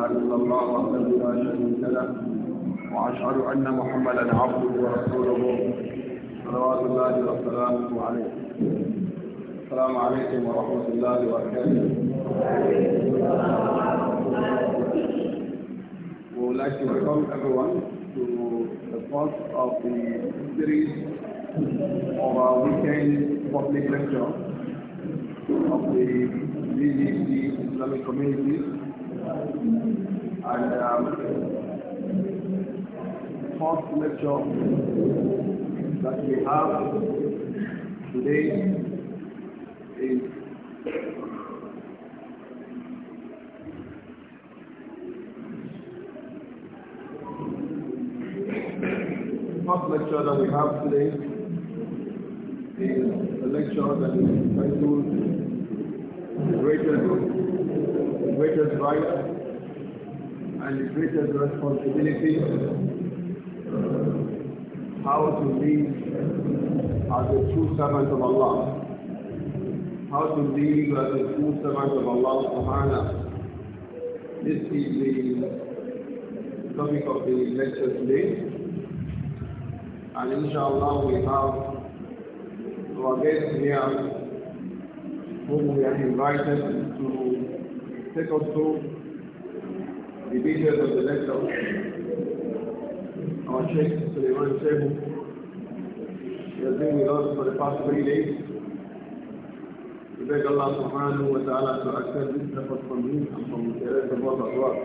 إلا الله وحده لا شريك له وأشهد أن محمدا عبده ورسوله صلوات الله وسلامه عليه السلام عليكم ورحمة الله وبركاته We would like to welcome everyone to the first of the series of our weekend public lecture of the BBC Islamic Community and um, fourth lecture that we have today is fourth lecture that we have today is a lecture that is entitled the greater good greatest right and the greatest responsibility uh, how to live as a true servant of Allah. How to live as a true servant of Allah subhanahu. This is the topic of the lecture today. And inshallah we have our guest here whom we are invited to take us through the details of the lecture. Our Sheikh Suleiman Shebu, he has been with us for the past three days. We beg Allah subhanahu wa ta'ala to accept this effort from him and from the rest of us as well.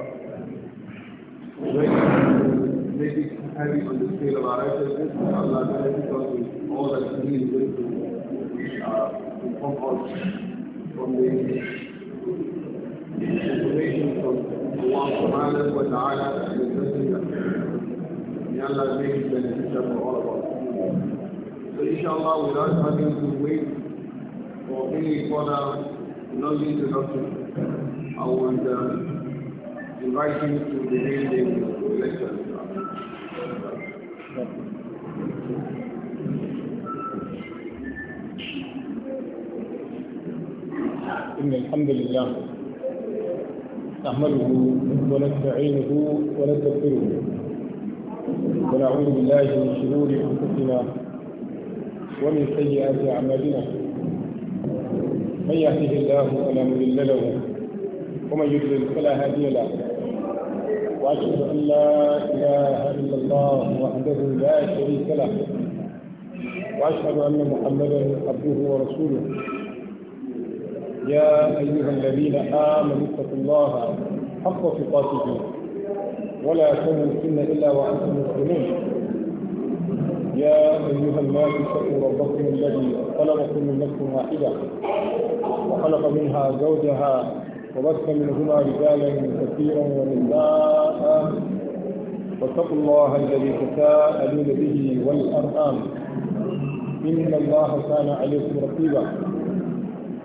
Make it heavy on the scale of our righteousness. Allah benefit us with all that He is going to uh, inform us from the الله سبحانه وتعالى يستسلم يلا بيه بنتسلم الغربة So inshallah without having to wait for any further long introduction, I would uh, invite you to begin the lecture. Thank you. إن الحمد لله نحمده ونستعينه ونستغفره ونعوذ بالله من شرور انفسنا ومن سيئات اعمالنا من يهده الله فلا مضل له ومن يضلل فلا هادي له واشهد ان لا اله الا الله وحده لا شريك له واشهد ان محمدا عبده ورسوله يا أيها الذين آمنوا اتقوا الله حق تقاته ولا تموتن إلا وأنتم مسلمون يا أيها الناس اتقوا ربكم الذي خلقكم من نفس واحدة وخلق منها زوجها وبث منهما رجالا كثيرا ونساء واتقوا الله الذي تساءلون به والأرحام إن الله كان عليكم رقيبا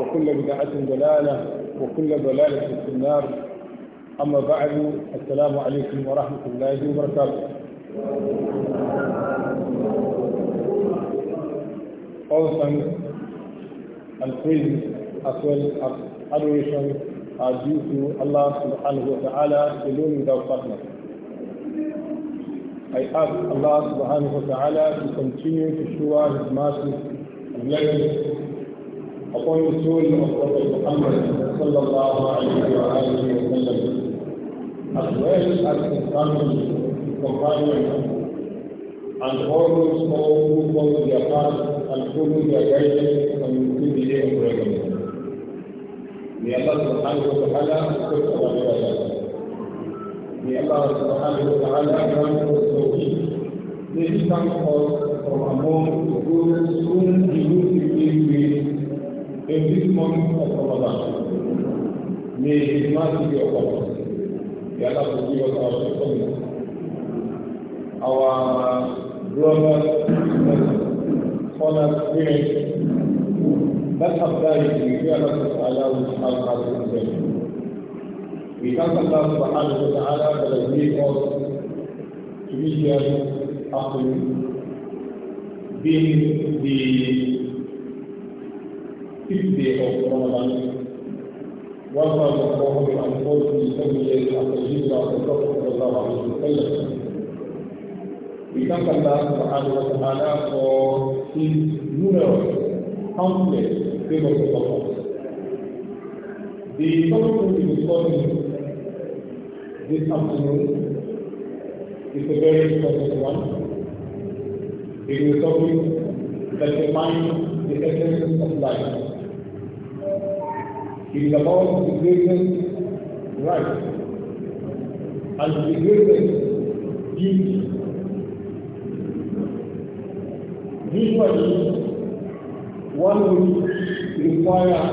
وكل بدعة ضلالة وكل ضلالة في النار أما بعد السلام عليكم ورحمة الله وبركاته All thanks and praise as well as adoration are due to Allah subhanahu wa ta'ala alone without partner. I ask Allah subhanahu wa ta'ala to continue to show us His mercy and blessings upon the soul of Prophet Muhammad sallallahu alayhi wa alayhi wa sallam, as well as his family, companions, and all those who follow their path and follow their guidance until the day of reckoning. May Allah subhanahu wa ta'ala accept our ibadah. May Allah subhanahu wa ta'ala grant us tawfiq. May He come from among those whom He will be with every morning of Ramadan. May His mercy be upon us. May Allah forgive us our shortcomings. Our brothers, sisters, fathers, parents, that have died, we fear Allah subhanahu wa ta'ala will have them. We thank Allah subhanahu wa ta'ala that has made us to be here after being the fifth of Ramadan. One thousand four hundred and forty-seven days after the Hijrah of the Prophet sallallahu alaihi We thank Allah subhanahu wa ta'ala for his numerous, countless favors of us. The topic we'll be discussing this afternoon is a very important one. It is a topic that defines the essence of life. It is about the greatest right and the greatest duty. Usually, one would require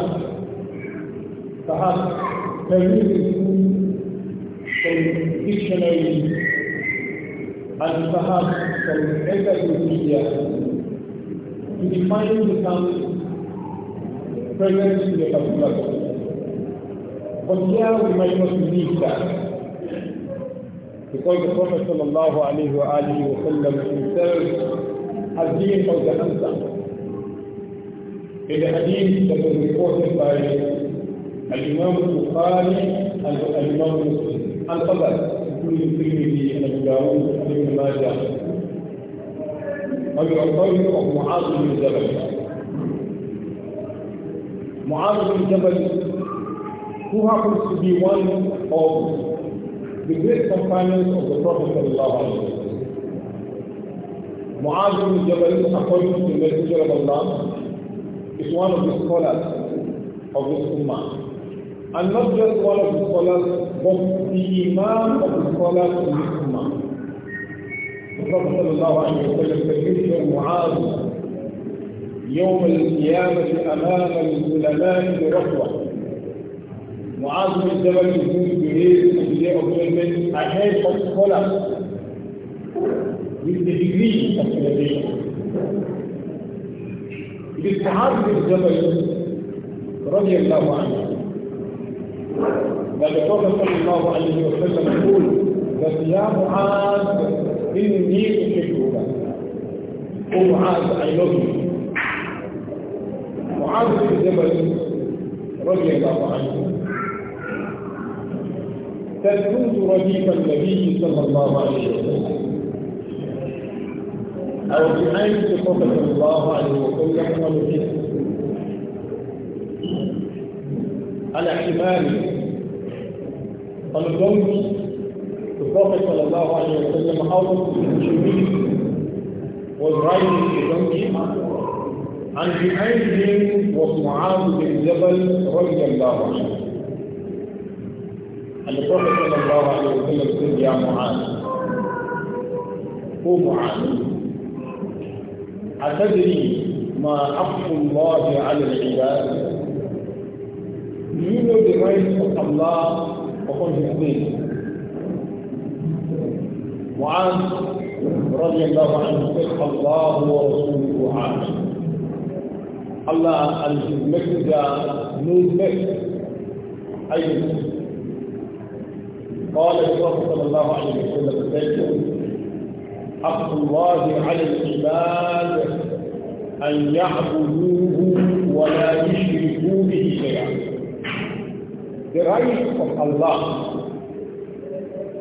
perhaps permitting from dictionary and perhaps some encyclopedia to define the term present in a particular وصيام ما يوسميك يقول الرسول صلى الله عليه وآله وسلم في سر الدين أو جهنزة إذا حديث تكون ريكوز باي الإمام البخاري الإمام مسلم الفضل يقول الترمذي أبو داوود ابن ماجه أبي عبيد معاذ بن جبل معاذ بن جبل who happens to be one of the great companions of the Prophet Mu'adh ibn Jabal, according to the Messenger of Allah, is one of the scholars of this Ummah. And not just one of the scholars, but the Imam of the scholars in this Ummah. The Prophet said, Mu'adh, يوم القيامة أمام العلماء برفوة معاذ بن جبل يكون جرير وبيجيب ابو المن عشان تدخل بالديجري الاستعارة بالجبل رضي الله عنه والرسول صلى الله عليه وسلم يقول بس يا معاذ إني أحبك قل أي لوك معاذ بن جبل رضي الله عنه تكون رديف النبي صلى الله عليه وسلم أو بعين صفة صلى الله عليه وسلم ونحبه على احتمال الظن الصحابه صلى الله عليه وسلم او المسلمين والرأي في ذنبه عن بعيد ومعاذ بن جبل رضي الله عنه الرسول صلى الله عليه وسلم يقول يا معاذ قوم معاذ أتدري ما حق الله على العباد؟ Do you know the rights of Allah upon His معاذ رضي الله عنه صدق الله ورسوله عالم Allah and His Messenger knows best. أي قال الرسول صلى الله عليه وسلم حق الله على العباد أن يعبدوه ولا يشركوا به شيئا The right of Allah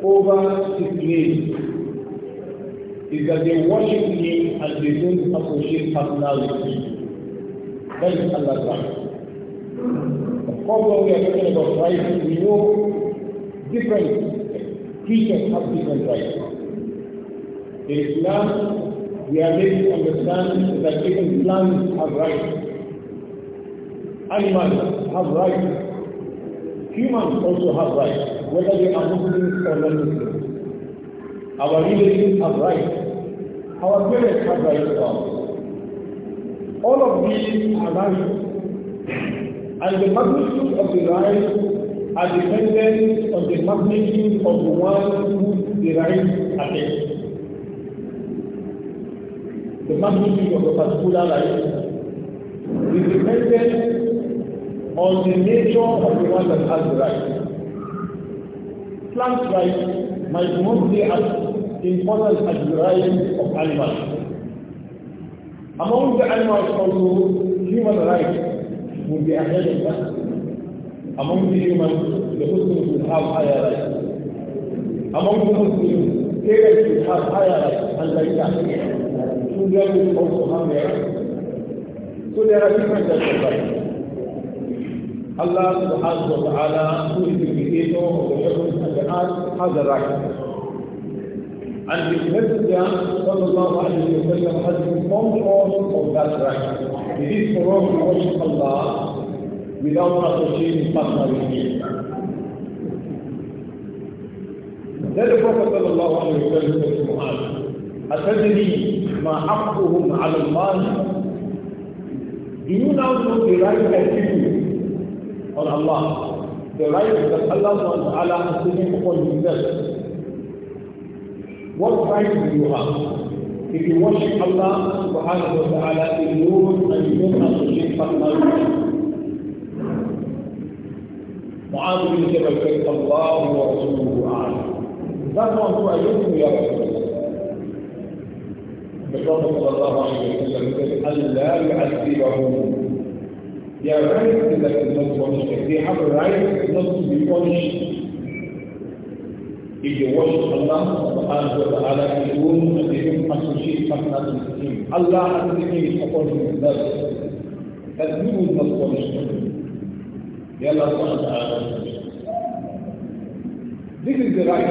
over his name is that they worship him and they don't associate personality. with him. That is Allah's right. Of course, when we are talking about right, we know different teachers have different rights. In Islam, we are made to understand that even plants have rights. Animals have rights. Humans also have rights, whether they are Muslims or non-Muslims. Our relatives have rights. Our parents have rights All of these are rights. And the magnitude of the rights are dependent on the magnitude of the one who derives it. The magnitude of a particular life is dependent on the nature of the one that has the right. Plant rights might not be as important as the rights of animals. Among the animals also, human rights would be ahead of that. among the humans, the Muslims will have higher rights. Among the Muslims, parents will have higher rights and like that. Children will also have their rights. So there are different types of rights. Allah subhanahu wa ta'ala, who is the creator of the heavens and the earth, has a right. And his messenger, sallallahu alayhi wa sallam, has informed us of that right. It is for us to worship Allah without associating partner with him. Then the Prophet said to Muhammad, أتدري ما حقهم على الله Do you now know the right attitude on Allah? The right that Allah Allah has given for himself. What right do you have? If you worship Allah subhanahu wa ta'ala in and you don't associate partners معاذ بن جبل كيف الله ورسوله اعلم ذكر ان تؤيدني يا رسول الله بقوله صلى الله عليه وسلم قال لا يعذبهم يا رايت اذا كنت تقولش في حق رايت النص بيقولش إذا وجد الله سبحانه وتعالى يقول أنهم أشوشي فقط المسلمين الله أنزلني أقول من ذلك تذيب المسلمين May Allah subhanahu wa ta'ala. This is the right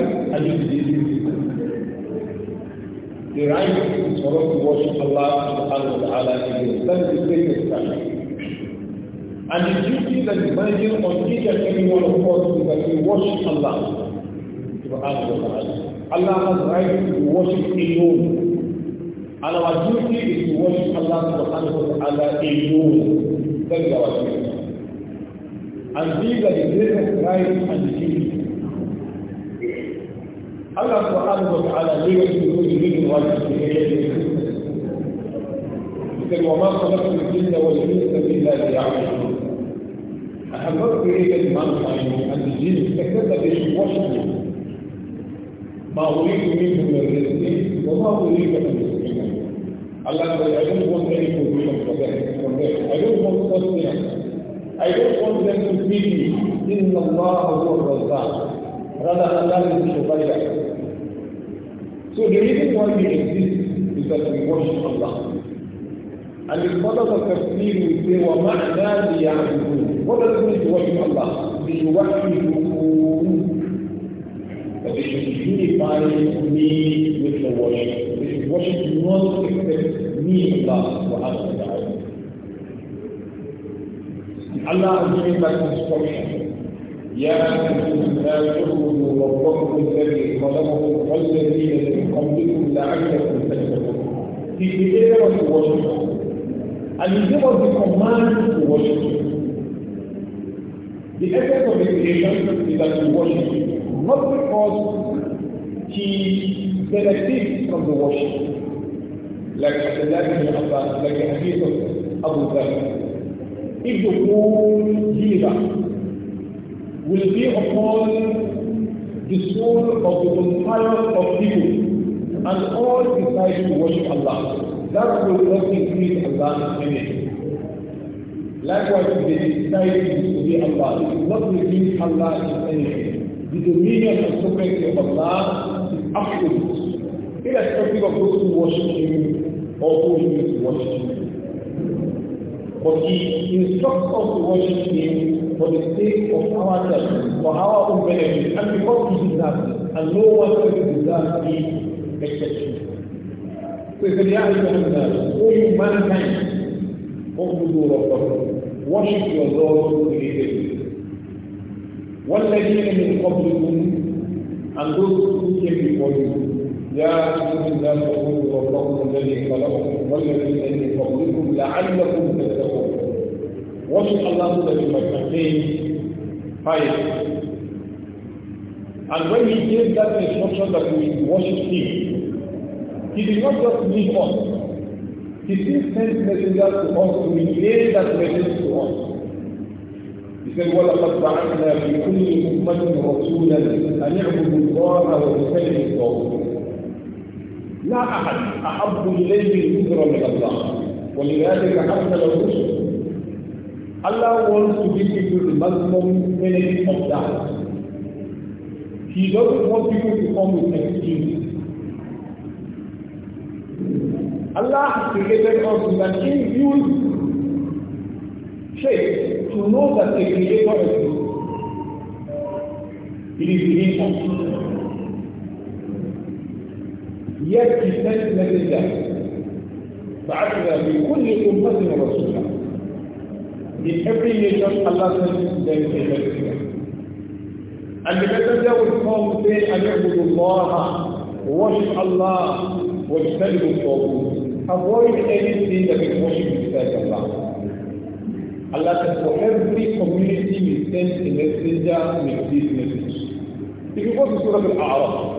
The right is for us to worship Allah subhanahu wa ta'ala in the sense of greatest time. And the duty that is managing on each and every one of us is that we worship Allah subhanahu wa ta'ala. Allah has right to worship alone. And our duty is to worship Allah subhanahu wa ta'ala alone. That is our duty. and be the greatest guide and king. Allah subhanahu wa ta'ala gave us the good living rights to create said, وَمَا خَلَقْتُ الْجِنَّ وَالْإِنسَ إِلَّا لِيَعْبُدُونِ I have not created mankind and the jinn except that they should worship me. ما أريد منهم من رزق وما أريد أن يسلمني. Allah said, I don't want any provision for them. I don't want sustenance. I don't want them to feed me. إِنَّ اللَّهَ هُوَ الرَّزَّاقُ Rather, Allah is the provider. So the reason why we exist is that we worship Allah. And the scholars of Tafsir will say, وَمَعْنَا لِيَعْبُدُونَ What does it mean to worship Allah? لِيُوَحِّدُونَ That they should unify me with the worship. They should worship not expect me, Allah, subhanahu Allah is giving that instruction. يا أيها اعبدوا ربكم الذي خلقكم والذين من قبلكم لعلكم تتقون. He created us to worship and he gave us the command to worship him. The essence of the creation is that we worship him, not because he benefits from the worship. Like Abdullah ibn Abbas, like the hadith of Abu Dhabi if the whole jiva will be upon the soul of the entire of people and all decide to worship Allah. That will not increase Allah's meaning. Likewise, if they decide to disobey Allah, it will not reduce Allah's anything. The dominion and sovereignty of Allah is absolute, irrespective of those who worship Him or who refuse to worship Him. But he instructs us to worship him for the sake of ourselves, for our own benefit, and because he is that, And no one else is that except exception. So if the O you mankind, Obudu Rabbakum, worship your Lord who created you. وَالَّذِينَ مِنْ قَبْلِكُمْ And those who came before you. يا أيها الناس اعبدوا ربكم الذي خلقكم والذي من قبلكم لعلكم تتقون وصف الله للمتقين خير طيب. And when he gave that instruction that we worship him, he did not just leave us. He still sent messengers to us to relay that message to us. He said, وَلَقَدْ بَعَثْنَا فِي كُلِّ أُمَّةٍ رَسُولًا أَنِ اعْبُدُوا اللَّهَ وَاجْتَنِبُوا الطَّاغُوتَ لا أحد أحب إليه الوزر من الله ولذلك حتى الرسل Allah wants to give people the maximum benefit of that. He doesn't want people to come with excuses. Allah has created us with an infused faith to know that the Creator exists. It is in us. يكفي سجدة لله بعثنا لكل أمة رسولا من every nation Allah sends them a messenger and the messenger will come say and يعبد الله worship Allah واجتنب الطاغوت avoid anything that is worship besides Allah Allah says for every community we send a messenger with this message if you go to Surah Al-A'raf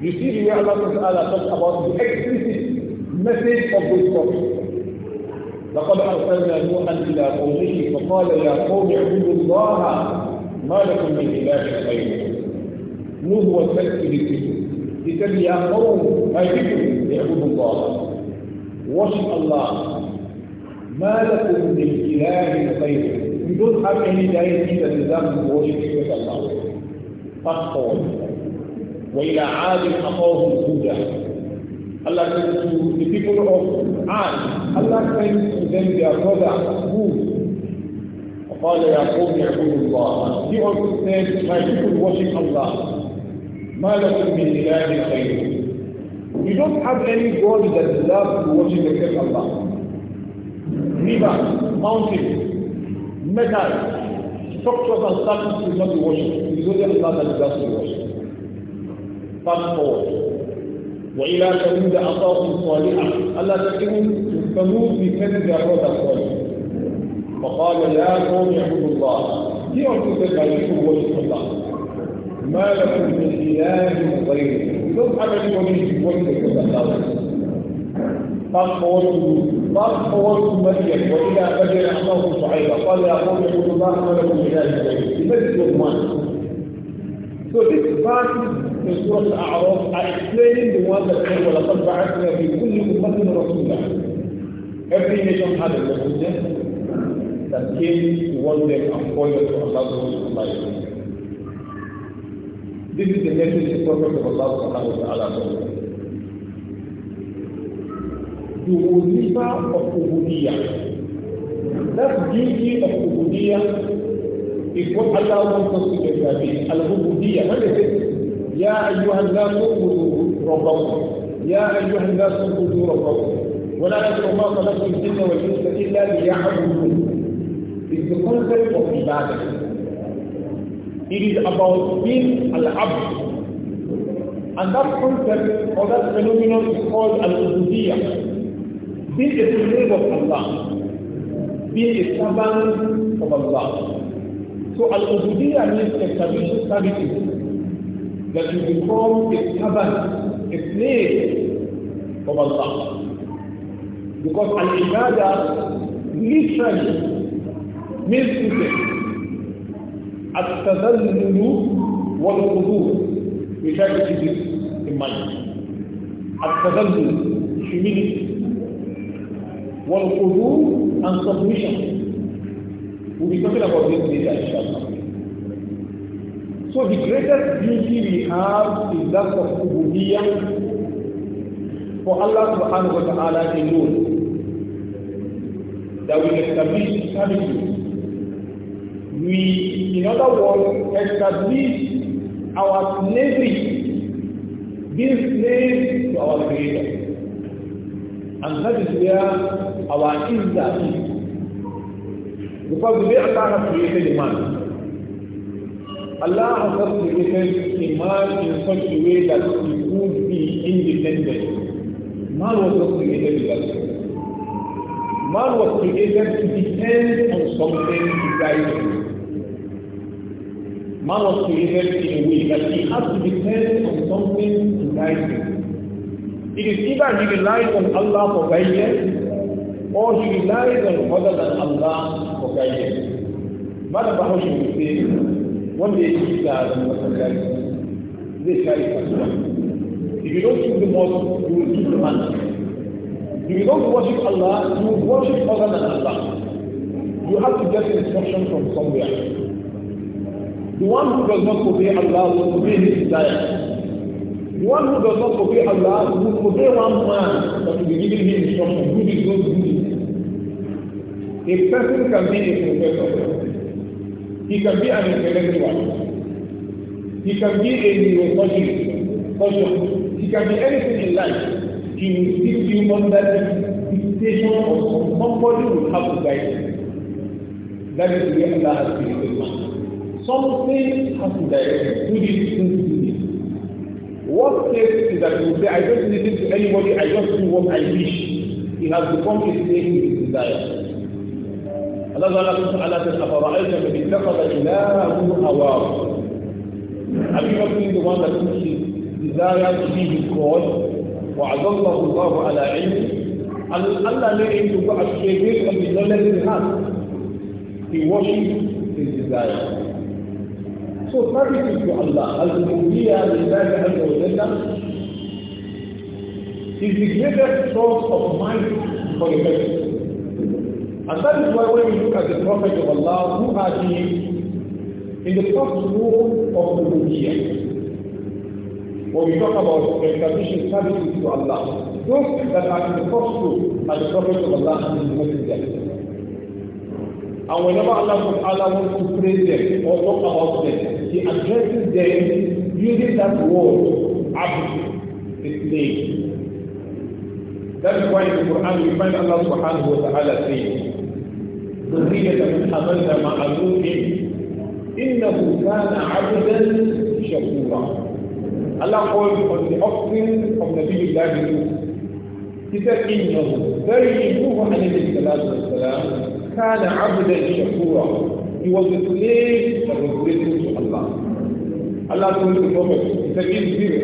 You see way Allah talks about the explicit message of this prophet. لقد أرسلنا نوحا إلى قومه فقال يا قوم اعبدوا الله ما لكم من إله غيره نوح والملك بالكتب لكي يا قوم أيدكم اعبدوا الله worship Allah ما لكم من إله غيره بدون don't have any deity that deserves worship except Allah. وإلى عاد أخاهم هودا Allah says to the people of Ad, Allah sends to them their brother Hud. قال يا قوم اعبدوا الله He also said, my people worship Allah. ما لكم من إله غيره You don't have any God that loves to worship except Allah. River, mountain, metal, structures and statues is not worship. It is only Allah that loves to worship. passport وإلى ثمود أخاهم صالحا ألا تكون ثمود بكذب الرد الصالح فقال يا قوم اعبدوا الله يعبد الغريب وجه الله ما لكم من إله غيره لو حمل وجه وجهك الله فاقول مريم وإلى فجر أخاه شعيبا قال يا قوم اعبدوا الله ما لكم من إله غيره بمثل عثمان So this part in Surah al explaining the one that said, وَلَقَدْ بَعَثْنَا فِي كُلِّ أُمَّةٍ رَسُولًا Every nation had a messenger that came to warn them and pointed to Allah subhanahu wa This is the message the Prophet of Allah subhanahu wa ta'ala The Uzifa of Ubudiyah. That duty of Ubudiyah is what Allah wants us to establish. Al-Ubudiyah. When they يا أيها الناس اعبدوا ربكم يا أيها الناس اعبدوا ربكم ولا تدعوا ما خلقتم الجن والإنس إلا ليعبدون إذ the concept of ibadah. It is about being al-abd. And that concept or that phenomenon is called al-ubudiyyah. Being a slave of Allah. Being a servant of Allah. So al-ubudiyyah means a service services that you become a servant, a slave of Allah. Because an ibadah literally means two things. التذلل والخضوع بشكل جديد in mind. التذلل humility والخضوع and submission. We'll be talking about this later, inshallah. So the greatest beauty we have is that of Ubudiyya for Allah subhanahu wa ta'ala alone. That we establish eternity. We, in other words, establish our slavery, being slaves to our Creator. And that is where our izzah is. Because we are Allah created in man, Allah has not created a man in such a way that he would be independent. Man was not created that way. Man was created to depend on something to guide him. Man was created in a way that he has to depend on something to guide him. It is either he relies on Allah for guidance or he relies on other than Allah for guidance. Madam about you? say, wanda ya you da masallaci zai sha yi kasuwa if you don't keep the mosque you will keep the man if you don't worship Allah you will worship other than Allah you have to get instruction from somewhere the one who does not obey Allah will obey his desire the one who does not obey Allah will obey one man that will be giving him instruction. Good is not good. A person can be a professor. He can be an intellectual. He can be a neurosurgeon. Surgeon. He can be anything in life. He will still be under the dictation of somebody will have to guide him. That is where Allah has created man. Something has to direct him. Do this, do this, do this. What case is that you say, I don't listen to anybody, I just do what I wish. It has become a thing with desire. الله تعالى سبحانه أفرأيت الذي اتخذ إلهه هواه Have you not seen the one that desired to be his God? وَعَظَلَّهُ اللَّهُ عَلَى عِلْمِ And Allah made him to go astray based on the knowledge he had. He worshipped his desire. So service to Allah, al-Mubiya lillahi azza wa jalla, is the greatest source of mind for a person. And that is why when we look at the Prophet of Allah, who had him in the first room of the Rubiyyah, when we talk about establishing services to Allah, those that are in the first room are the Prophet of Allah and His Messenger. And whenever Allah, Allah wants to praise them or talk about them, He addresses them using that word, Abu, His name. That is why in the Quran we find Allah subhanahu wa ta'ala saying, ذرية من حملنا مع نوح إنه كان عبدا شكورا Allah قول on the offspring نبي الله نوح He إنه very نوح عليه الصلاة والسلام كان عبدا شكورا He was a slave that was grateful to Allah. Allah told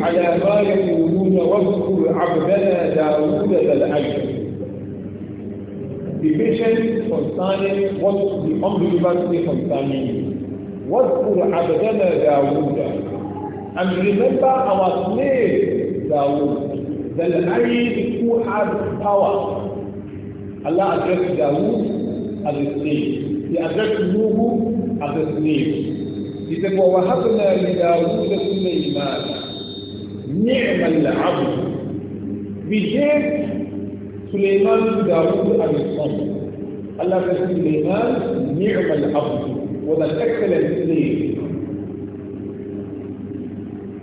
عَلَى غاية وجود وَاذْكُرْ عَبْدَنَا دَاوُودَ ذَا the patient concerning what the unbelievers say concerning you. What could Abedana Dawood? And remember our slave Dawood, the lion who has power. Allah addressed Dawood as a slave. He addressed Nuhu as a slave. He said, "What وَوَهَبْنَا لِدَاوُودَ سُلَيْمَانَ نِعْمَ الْعَبْدُ We gave سليمان بن داوود أبي الصمد الله سليمان نعم العبد وذا الاثنين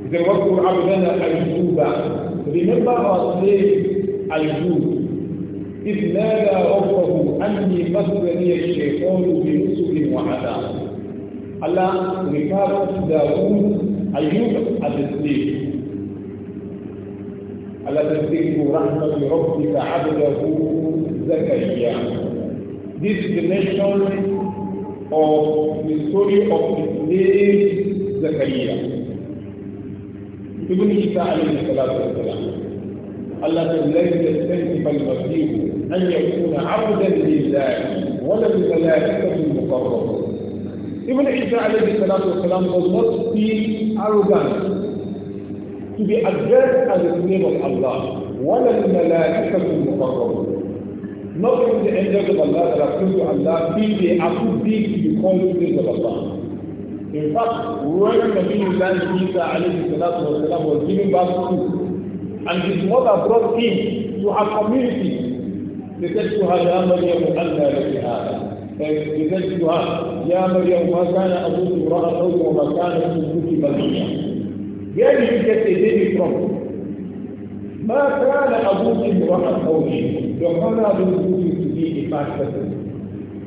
إذا وقت عبدنا أيوب remember our slave أيوب إذ نادى ربه أني مسني الشيطان بنسك وعذاب الله رفاق داوود أيوب الاثنين فَتَذْكِرُ رَحْمَةِ رَبِّكَ عَبْدَهُ زَكَرِيَّا This is the nation of the story of the slave زكريا. ابن عيسى عليه الصلاة والسلام. salam. الذي لن يستنكف المسيح ان يكون عبدا لله ولا بملائكة مقربة. ابن عيسى عليه الصلاة والسلام was not being arrogant to be addressed as a slave of Allah. وَلَا الْمَلَائِكَةُ الْمُقَرَّبُونَ Not even the angels of Allah that are close to Allah, feel they are too big to be called slaves of Allah. In fact, when Nabiullah Isa alayhi salatu wasalam was giving birth to and his mother brought him to her community, they said to her, يا مريم أنى لك هذا فجدتها يا مريم ما كان ابوك امرا قوم وما كانت امك بغيا يجب كتبه الكرم ما كان أبوك امرأة قوية يقنى بالنبوك تجيه فاشة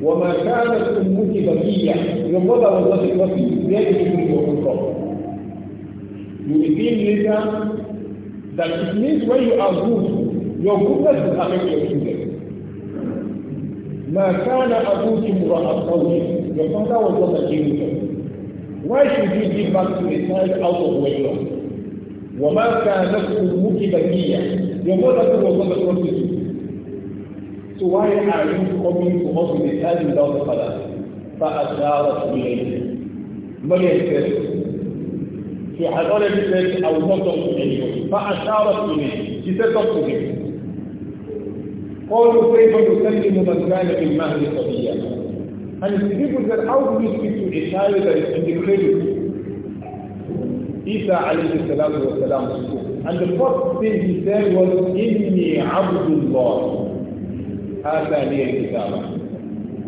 وما كانت أموك بقية يقنى يعني بالنبوك الوصي يجب كتبه الكرم يؤدين لك that it means when you are good, your goodness will affect your children. ما كان أبوك امرأة قوية يقنى بالنبوك الوصي Why should you give back to the child out of wedlock? وَمَا كَانَ أُمُّكِ بَكِيًّا Your mother was not a you. So why are you coming to us with a child without the father? فَأَشَارَتْ إِلَيْهِ Maryam said, she had already said, I will not talk to anyone. فَأَشَارَتْ إِلَيْهِ She said, talk to him. قالوا كيف نكلم من كان في المهد صبيا and it's people that how do you speak to a child that is in the cradle? Isa alayhi salatu wa salam And the first thing he said was, Inni Abdullah. Hada liya kitaba.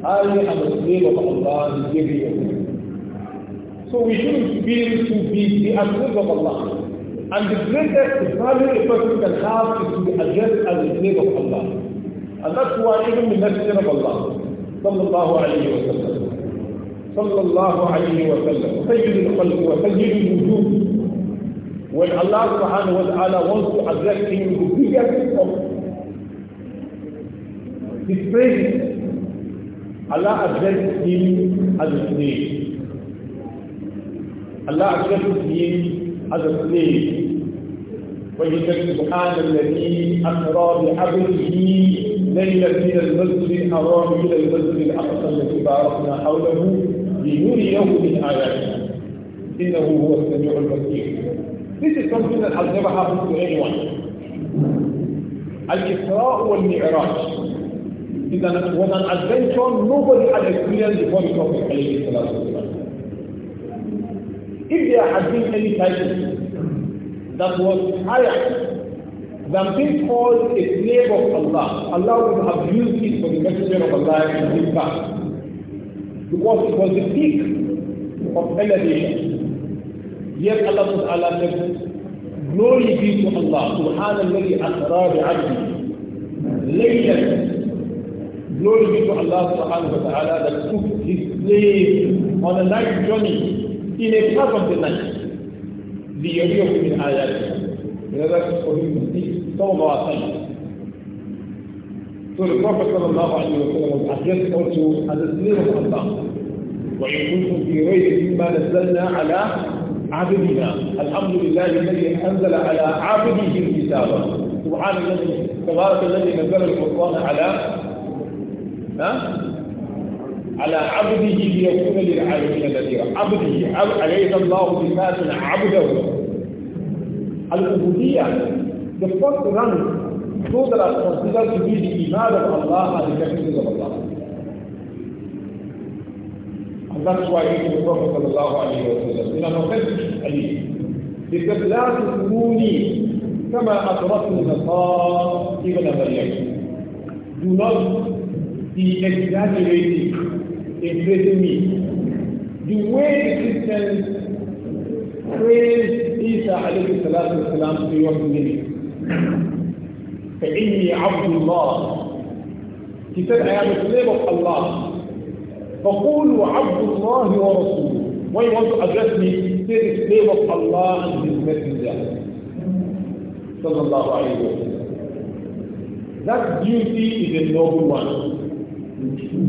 I am a slave of Allah, he gave me So we shouldn't feel to be the slave of Allah. And the greatest value a person can have is to be addressed as a slave of Allah. And that's why even the messenger of Allah, صلى الله عليه وسلم صلى الله عليه وسلم سيد الخلق وسيد الوجود when Allah subhanahu wa wants to address him the biggest of his praise Allah addresses him as a slave Allah addresses him as a slave when he says subhanallah asra bi abdihi ليلة من المسجد الحرام إلى المسجد الأقصى الذي باركنا حوله لنريه من آياتنا إنه هو السميع البصير This is something that has never happened to anyone. الإسراء والمعراج is an, was an adventure nobody had experienced before the Prophet عليه وسلم. If there had been any title that was higher than being called a slave of Allah. Allah would have used it for the messenger of Allah to give back. Because it was the peak of elevation. Yet Allah Ta'ala said, Glory be to Allah, Subhanallah Asra bi Abdi. Later, glory be to Allah Subhanahu wa Ta'ala that took his slave on a night journey in a part of the night. The area of the ayat. In order for him to صوم وسلم تقول الرسول صلى الله عليه وسلم عجلت قلت أنزله الله وإن كنتم في ريب مما نزلنا على عبدنا الحمد لله الذي أنزل على عبده الكتاب سبحان الذي تبارك الذي نزل القرآن على ها على عبده ليكون للعالمين نذيرا عبده عليه الله بما عبده العبودية The first rank, those that are considered to be the Imam of Allah are the messengers of Allah. And that's why he the Prophet sallallahu alayhi wa sallam in an authentic hadith. He said, لا تسموني كما أدركني نصار ابن مريم. Do not be exaggerating in praising me. The way the Christians praised Isa alayhi salatu wasalam to your community. فإني عبد الله كتاب أيام السلام الله فقول عبد الله ورسوله when you want to address me say the slave of Allah and his messenger صلى الله عليه وسلم that duty is a noble one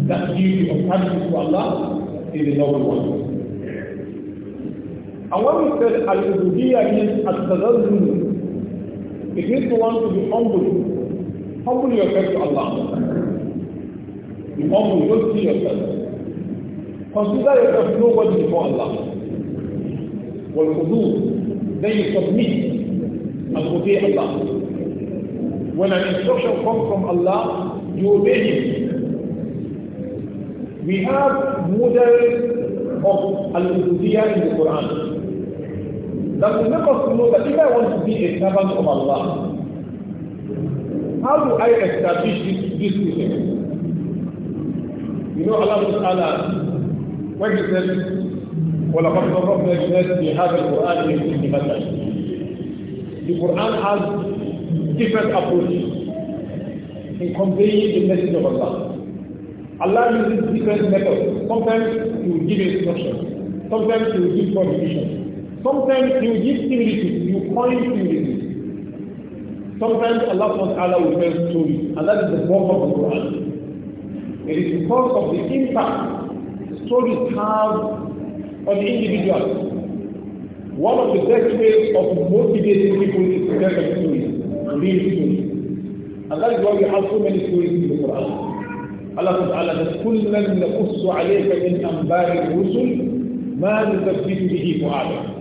that duty of service to Allah is a noble one and when we said al-ubudiyya means al-tadallul If you want to be humble, humble yourself to Allah. Be humble, don't see yourself. Consider yourself nobody before Allah. you do, then you submit and obey Allah. When an instruction comes from Allah, you obey Him. We have models of al in the Quran that will make us know that if I want to be a servant of Allah, how do I establish this, this thing? You know Allah Ta'ala, when he said, ولقد ضربنا للناس في هذا القرآن من كل مثل. The Quran has different approaches in conveying the message of Allah. Allah uses different methods. Sometimes he will give instruction. Sometimes he will give prohibition. Sometimes you give similitude, you point similitude. Sometimes Allah SWT will tell stories, and that is the bulk of the Quran. It is because of the impact stories have on the individual. One of the best ways of motivating people is to tell them stories, real stories. And that is why we have so many stories in the Quran. Allah الله تعالى كلا نقص عليك من انباء الرسل ما نثبت به فؤادك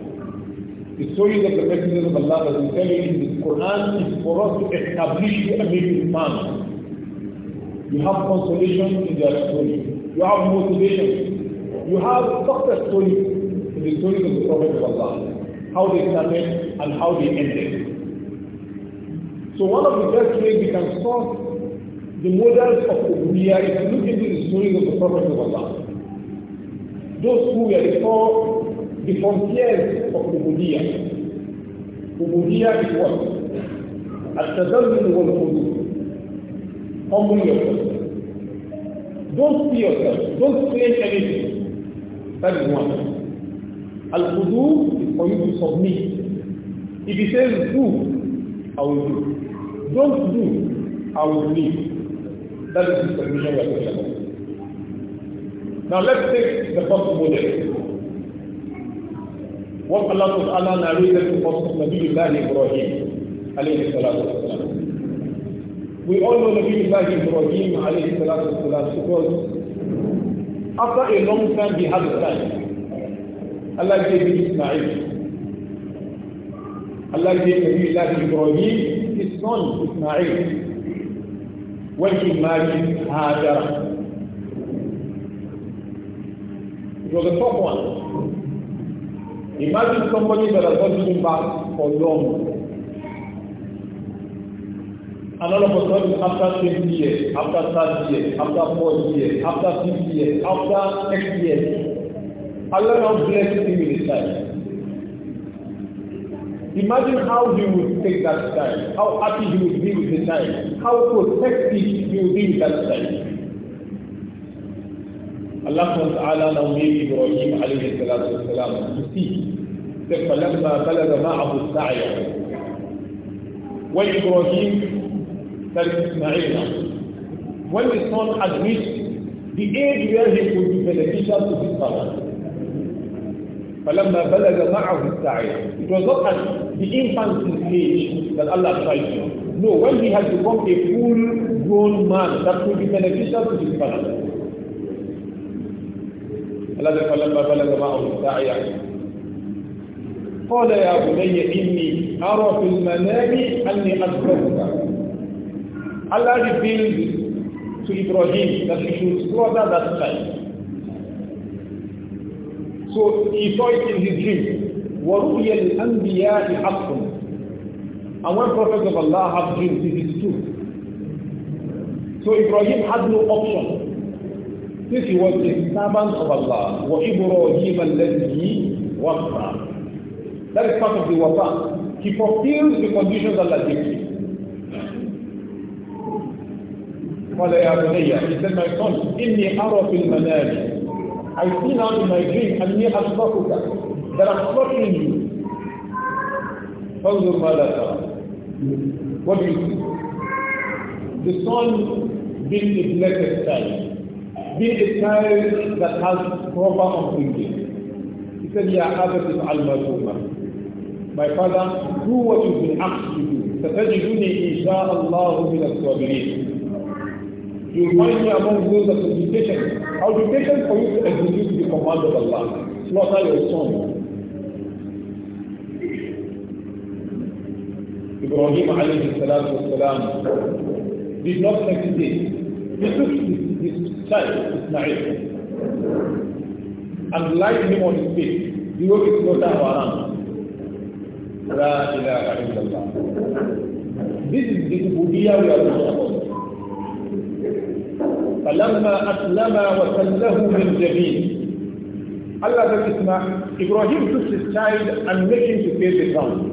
the story that the Messenger of Allah has been telling in the Quran is for us to establish a middle man. You have consolation in their story. You have motivation. You have success story in the story of the Prophet of Allah. How they started and how they ended. So one of the best ways we can start the models of Ubiya is to look into the stories of the Prophet of Allah. Those who were the four the frontiers of Ubudiyya. Ubudiyya is what? Al-Tadallul you. Hudu. Humble yourself. Don't see yourself. Don't create anything. That is one. Al-Hudu is for you to submit. If he says do, I will do. Don't do, I will leave. That is the submission we Now let's take the first model. وقال تعالى narrated to us Nabi Ibrahim alayhi salatu wasalam. We all know Nabi Ibrahim alayhi salatu wasalam because after a long time he had a son. Allah gave him Ismail. Allah gave Nabi Ibrahim his son Ismail when he married Hajar. It was the top one. Imagine somebody that has not given back for long. And all of a sudden, after 20 years, after 30 years, after 40 years, after 50 years, after X years, Allah now blesses him with his life. Imagine how he would take that time, how happy he would be with the time, how protective he would be with that time. Allah subhanahu wa ta'ala now made Ibrahim to see فلما بلغ معه السعي وإبراهيم إسماعيل when the son had reached the age where he could be beneficial to his father. فلما بلغ معه السعي it was not at the infancy age that Allah tried him. No, when he had become a full-grown man that could be beneficial to his father. Allah فلما بلغ معه السعي قال يا بني إني أرى في المنام أني أذبحك Allah revealed to Ibrahim that he should slaughter that child. So he saw it in his dream. وَرُؤْيَ الْأَنْبِيَاءِ حَقٌّ And when prophets of Allah have dreams, it is true. So Ibrahim had no option. Since he was a servant of Allah, وَإِبْرَاهِيمَ الَّذِي وَقْرَى That is part of the wafa. He fulfills the conditions Allah gives him. قال يا بني he said my son إني أرى في المنام I see now in my dream أني أشبهك that I'm slaughtering you فانظر ماذا ترى what do you see the son being a blessed child being a child that has proper upbringing he said يا أبت افعل ما تؤمر my father, do what you've been asked to do. ستجدني إن Allah الله من الصابرين. You find me among those that will be patient. I'll be patient for you to execute the command of Allah. Slaughter your son. Ibrahim alayhi salatu salam did not hesitate. He took his child, Ismail, and lied him on his face. You know it's not that La ilaha illallah. This is the Ubudiyah we are talking about. فلما أسلم وسله من جبين Allah said Isma, Ibrahim took his child and made him to pay the ground.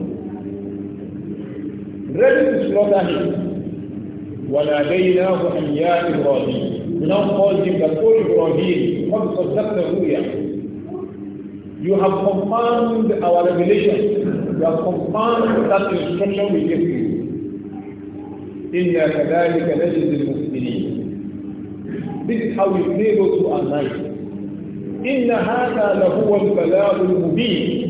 Ready to slaughter him. وَنَادَيْنَاهُ أَنْ يَا إِبْرَاهِيمُ We now called him that, O Ibrahim, قَدْ صَدَّقْتَ رُؤْيَا you have confirmed our revelation. You have confirmed that instruction we gave you. إِنَّا كَذَلِكَ نَجْزِ الْمُسْلِمِينَ This is how we pray those who are nice. إِنَّ هَذَا لَهُوَ الْبَلَاءُ الْمُبِينَ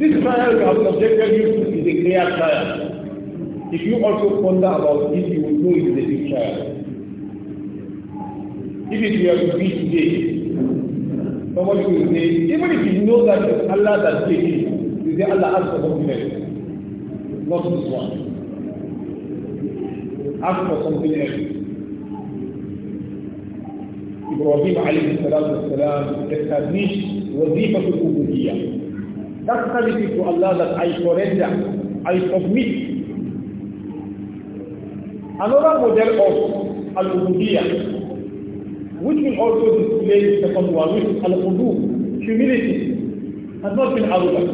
This trial we have subjected you to is a clear trial. If you also ponder about this, you will know it is a big trial. If it were to be today, So what you say, even if you know that it's Allah that's taking, you say Allah ask for something else. Not this one. Ask for something else. إبراهيم عليه الصلاة والسلام established وظيفة الألوهية. That service to Allah that I surrender, I submit. Another model of al-Ubudiyah which will also display the second one, which is al-qudu, humility, has not been arrogant.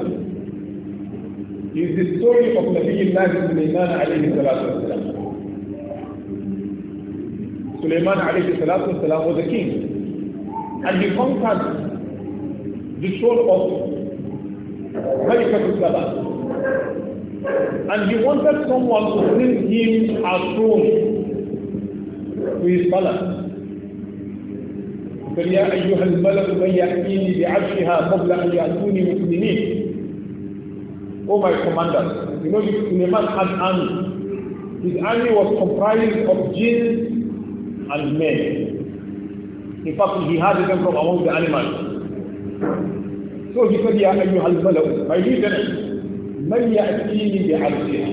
Is the story of Nabiullah Sulaiman alayhi salatu wasalam. Sulaiman alayhi salatu wasalam was a king, and he conquered the shore of Malikatul Sabah. And he wanted someone to bring him a throne to his palace. قل يا أيها الملك من يأتيني بعرشها قبل أن يأتوني Oh my commander, you know a man's army. His army was comprised of Jews and men. In fact, he had them from among the animals. So he said, Ya ayyuhal malaw, my lieutenant, man ya'tini bi'arsiha.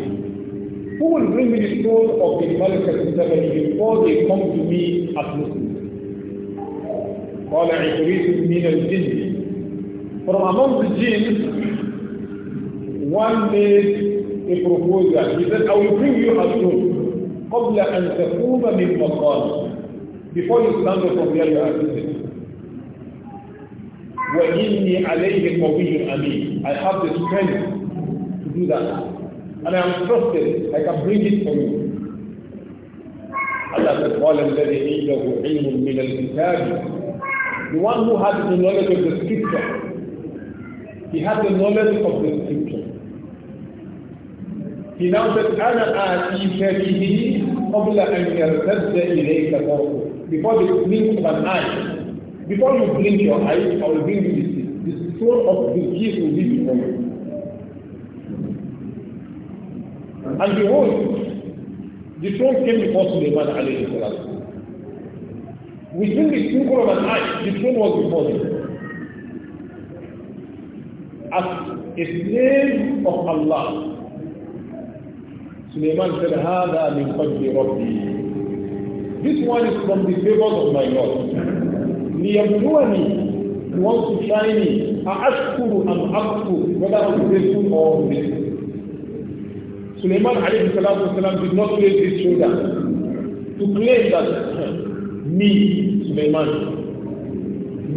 Who will bring me the soul of the the al before they come to me as Muslims? قال عفريت من الجن From among the jinn, one made a proposal. He said, I will bring you a stone. قبل أن تقوم من مقام. Before you stand up from where you are sitting. وإني عليه قوي أمين. I have the strength to do that. And I am trusted. I can bring it for you. Allah said, قال الذي عنده علم من الكتاب the one who has the knowledge of the scripture. He has the knowledge of the scripture. He now said, and Before the blink of an eye, before you blink your eye, I will bring you this. The soul of the gift will be before you. And behold, the soul came before Suleiman alayhi salam. Within the circle of an eye, the stone was before him. As a slave of Allah, Suleiman said, هذا من فضل ربي. This one is from the favors of my Lord. ليبلوني, he wants to try me. أأشكر أم أكفر, whether I'm grateful or ungrateful. Suleiman alayhi salatu wasalam did not raise his shoulder to claim that me Sulaiman.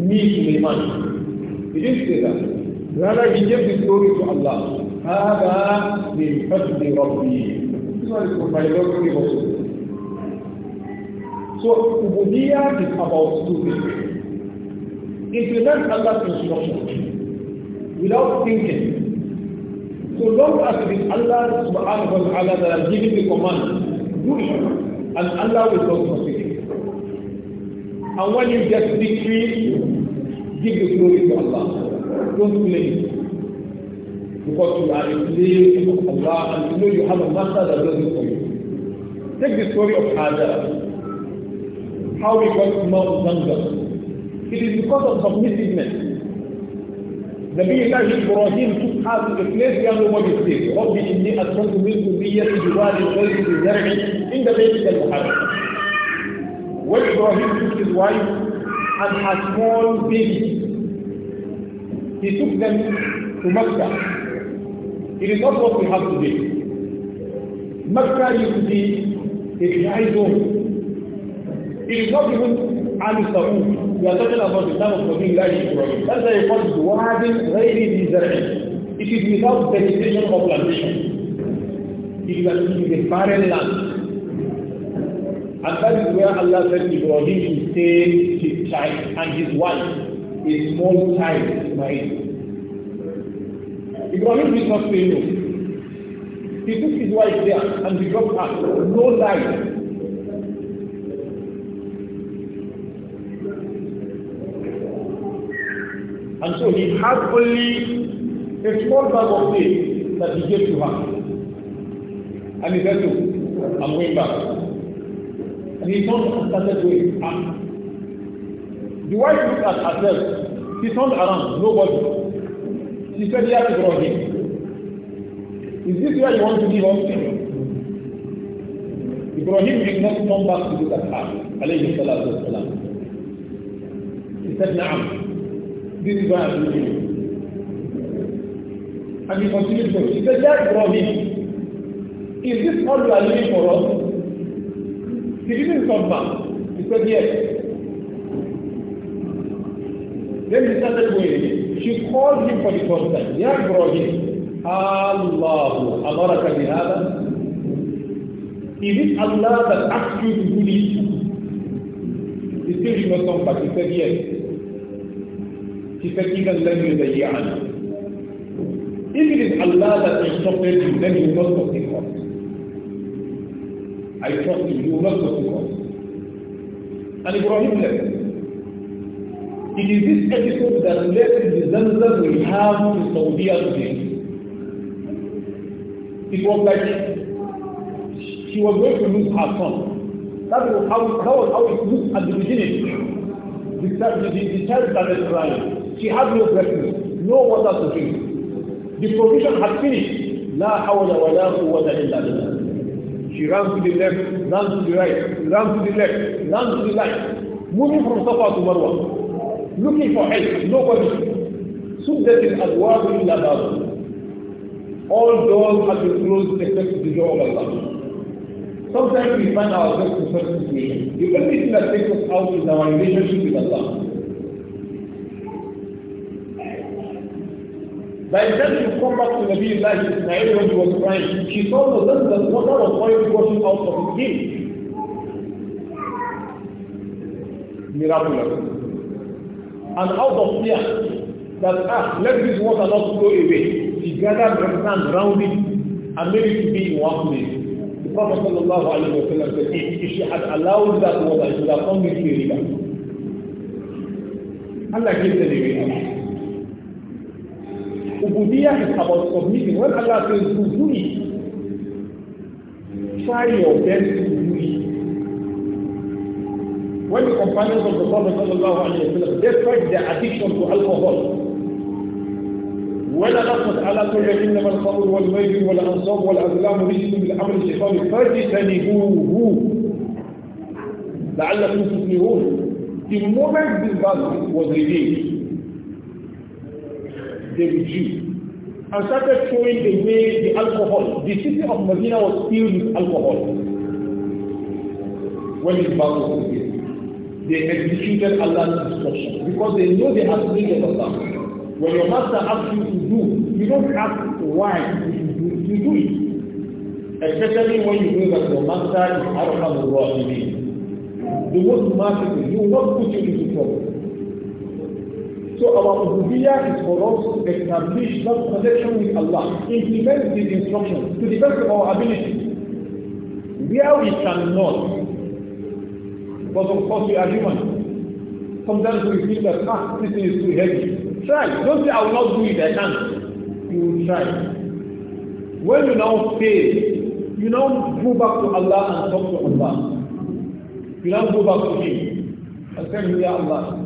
Me Sulaiman. He didn't say that. Rather he gave the glory to Allah. هذا من فضل ربي. This one is from my Lord also. So Ubudiyah is about two things. Implement Allah's instruction without thinking. So long as it is Allah subhanahu wa ta'ala that has giving the command, do it. And Allah will not And when you get victory, give the glory to Allah. Don't play. Because you are a slave of Allah and you know you have a master that does it for you. Take the story of Hajar. How we got to Mount Zanga. It is because of submissiveness. نبي الله إبراهيم took her to the place where nobody is safe. رب إني أسكنت من ذرية جوار غير ذي زرع عند بيتك المحرم. when Ibrahim took his wife and her small baby, he took them to Mecca. It is not what we have today. Mecca used to be a dry zone. It is not even Al Saud. We are talking about the time of Nabi Lai Ibrahim. That's why it calls Wadin Ghairi It is without vegetation or plantation. It is a barren land. And that is where Allah said Ibrahim will stay his child and his wife, a small child, Ismail. Ibrahim did not say no. He took his wife there and begot her, no life. And so he had only a small bag of things that he gave to her. And he said, to I'm going back. he turned and started going up. The wife looked at herself. She turned around, nobody. She said, Yes, Ibrahim. Is this where you want to give up? Ibrahim did not come back to look at her, alayhi salatu wasalam. He said, Naam, this is where I'm doing And he continued to He said, Yes, Ibrahim, is this all you are living for us? The reason of man. He said, yes. Then he started wailing. She called him for the first time. Ya Ibrahim, Allahu amaraka bihada. Is it Allah that asked you to do this? He still did not come back. He said, yes. She said, even let me the If it is Allah that instructed you, then you must not forgive us. I trust you, you will not forsake us. And Ibrahim left. It is this episode that led to the disaster we have in Saudi today. It was like she was going to lose her son. That was how, how it looked at the beginning. The child, the child started crying. She had no breakfast, no water to drink. The provision had finished. لا حول ولا قوة إلا بالله she ran to the left, ran to the right, ran to the left, ran to the right, moving from Safa to Marwa, looking for help, nobody. Subdat al-Adwar Nadab. All doors have been closed except the door of Allah. Sometimes we find ourselves in certain situations. The only thing that takes us out is our relationship with Allah. By the time she come back to Nabi Allah Ismail when he was crying, she saw the sun, that water was already washing out from his skin. Miraculous. And out of fear that, ah, let this water not go away, she gathered her sand around it and made it to be in one place. The Prophet wa Sallam said, if she had allowed that water, it would have come with the Allah gives the river. Ubudiyah is about submitting. When Allah says to do it, try your best to do it. When the companions of the Prophet despite their addiction to alcohol, ولا نقص على كل إنما الخمر والميل والأنصاب والأزلام رجس بالأمر الشيطان فاجتنبوه لعلكم تفلحون The moment this verse was revealed, they withdrew and started throwing away the alcohol. The city of Medina was filled with alcohol. When this battle was they executed Allah's instruction because they know they have needed Allah. When your master asks you to do, you don't ask why you do, you do it. Especially when you know that your master is Arhamul Rahim. The most merciful, he will not put you into trouble. So our ubudiyah is for us to establish that connection with Allah, implement these instructions to the best of our ability. Where we cannot, because of course we are human. Sometimes we feel that ah, this thing is too heavy. Try. Don't say I will not do it, I can't. You will try. When you now fail, you now go back to Allah and talk to Allah. You now go back to Him and say, Ya Allah,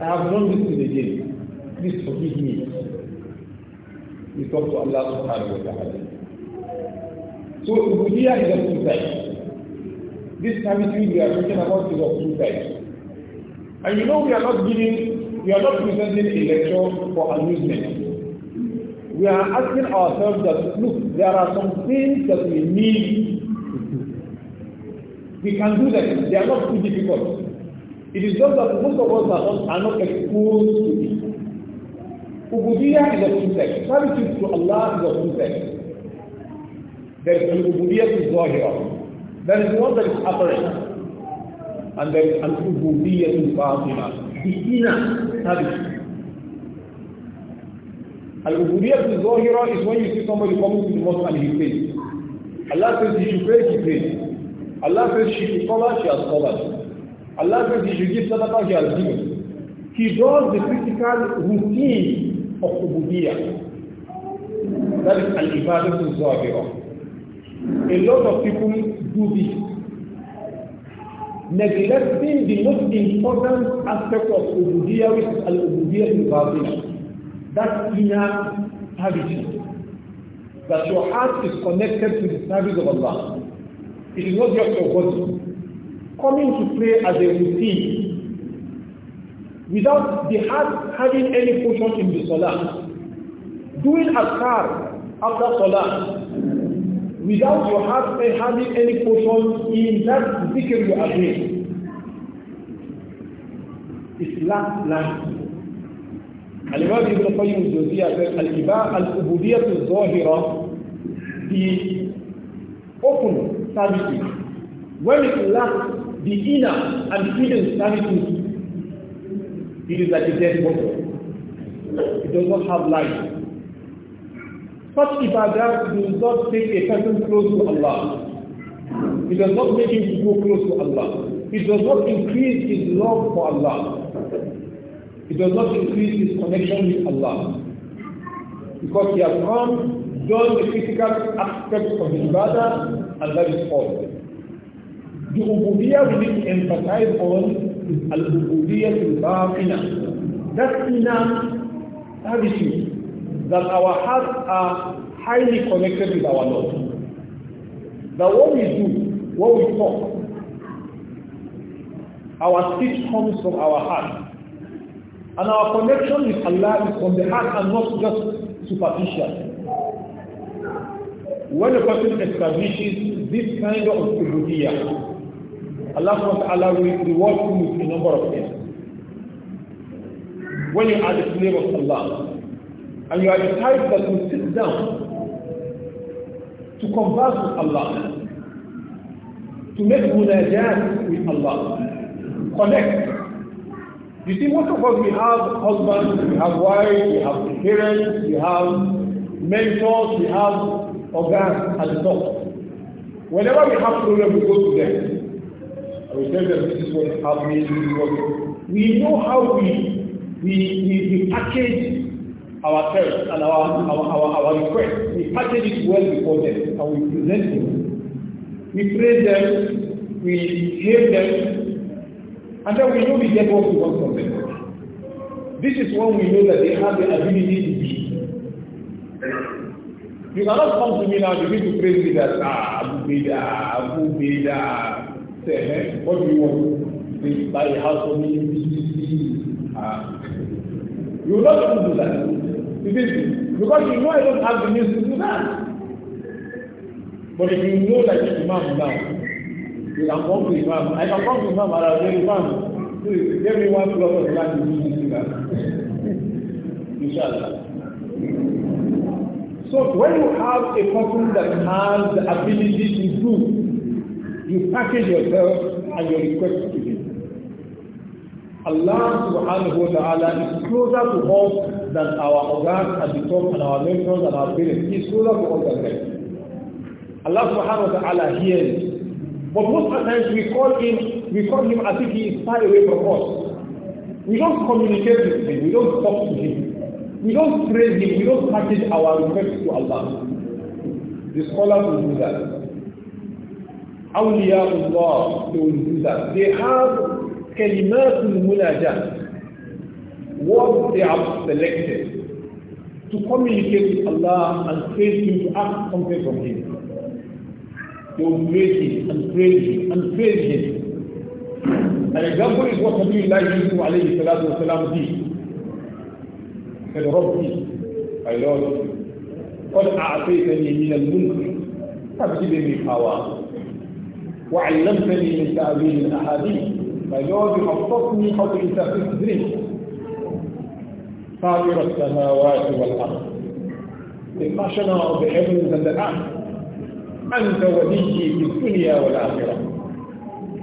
I have done this thing again. Please forgive me. We come to Allah subhanahu wa ta'ala. So Ubudiyah is of two types. This servitude we are talking about is of two types. And you know we are not giving, we are not presenting a lecture for amusement. We are asking ourselves that, look, there are some things that we need. We can do them. They are not too difficult. It is just that most of us are not, are not exposed to it. Ubudiyah is a pretext. Servitude to Allah is a pretext. There is al-ubudiyah to Zahira. There is one that is apparent. And there is al-ubudiyah to Fatima. The inner servitude. Al-Ubudiyah to Zahira is when you see somebody coming to the mosque and he prays. Allah says he should pray, he prays. Allah says she should follow, she has covered. Allah says you should give sadaqah, you are given. He draws the critical routine of ubudiyah. That is al-ibadatu zawabirah. A lot of people do this neglecting the most important aspect of ubudiyah which is al-ubudiyah in batina that inner habit. that your heart is connected to the service of Allah it is not just your body coming to pray as a routine without the heart having any portion in the salah, doing azkar after salah without your heart having any portion in that zikr you are doing. It's last line. الإمام ابن القيم الجوزية الإباء العبودية الظاهرة في open services when it lasts the inner and hidden servitude. It is like a dead body. It does not have life. Such ibadah does not take a person close to Allah. It does not make him to go close to Allah. It does not increase his love for Allah. It does not increase his connection with Allah. Because he has come, done the critical aspects of his ibadah, and that is all. The ubudiyah we to emphasize on al-ubudiyah al-baqina. That inner servitude. That our hearts are highly connected with our Lord. That what we do, what we talk, our speech comes from our heart. And our connection with Allah is from the heart and not just superficial. When a person establishes this kind of ubudiyah, Allah SWT will reward you with a number of things. When you are the slave of Allah, and you are the type that will sit down to converse with Allah, to make munajat with Allah, connect. You see, most of us, we have husbands, we have wives, we have parents, we have mentors, we have organs and stuff. Whenever we have problems, we go to them. We tell them this is what is happening. This is what we know how we we we, we package ourselves and our our our, our request. We package it well before them and we present them. We praise them. We hear them, and then we know we get what we want from them. This is when we know that they have the ability to be. You cannot come to me now and need to praise me that ah Abu Bida, Abu Bida. say, what do you want? We buy a house for me, ah. You will not even do that. because you know I don't have the means to do that. But if you know that you demand now, you can come to Imam. I can come to Imam and I'll say, Imam, please give me one plot of land to do this Inshallah. So when you have a person that has the ability to do you package yourself and your request to Him. Allah subhanahu wa ta'ala is closer to us than our organs at the top and our mentors and our parents. He is closer to us than them. Allah subhanahu wa ta'ala hears. But most of the times we call him we call him as if he is far away from us. We don't communicate with him, we don't talk to him, we don't praise him, we don't package our request to Allah. The scholars will do that awliya Allah, they will do that. They have kalimatul munajat, what they have selected to communicate with Allah and praise Him, to ask something from Him. They will praise Him and praise Him and praise Him. An example is what Nabiullah Yusuf alayhi salatu wa salam did. He said, Rabbi, my Lord, قد أعطيتني من الملك have given me power وعلمتني من تأويل الأحاديث فجواب مقصدني قبل تفكري فاطر السماوات والأرض شنع بحبل من الأرض أنت وليي في الدنيا والآخرة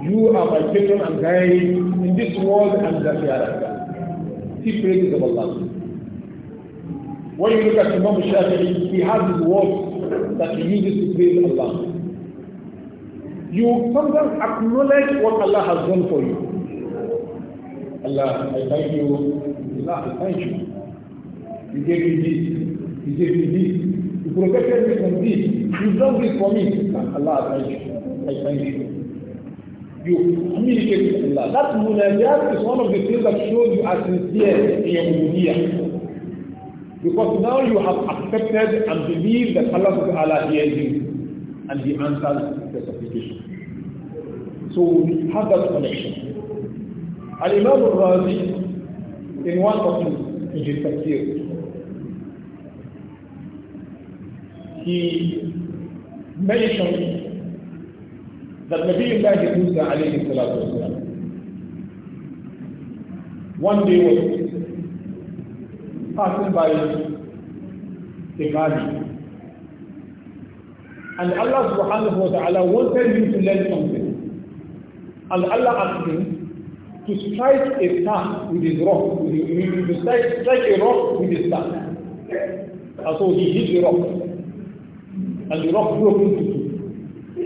You are my children and guide in this world and that the hereafter. See praises of Allah. When you look at Imam Shafi'i, he has his words that he uses to praise Allah. you sometimes acknowledge what Allah has done for you. Allah, I thank you. Allah, I thank you. You gave me this. You gave me this. You protected me from this. You've done this for me. Allah, I thank you. I thank you. You communicate with Allah. That munajat is one of the things that shows you are sincere in your munajat. Because now you have accepted and believed that Allah hears you and He answers specification. So we have that connection. Al Imam al Razi, in one of his, in his tafsir, he mentioned that Nabi Musa alayhi salatu wasalam, one day was passing by a valley and Allah subhanahu wa ta'ala wanted him to learn something. And Allah asked him to strike a stone with his rock, To strike, strike a rock with his stone. And so he hit the rock. And the rock broke into two.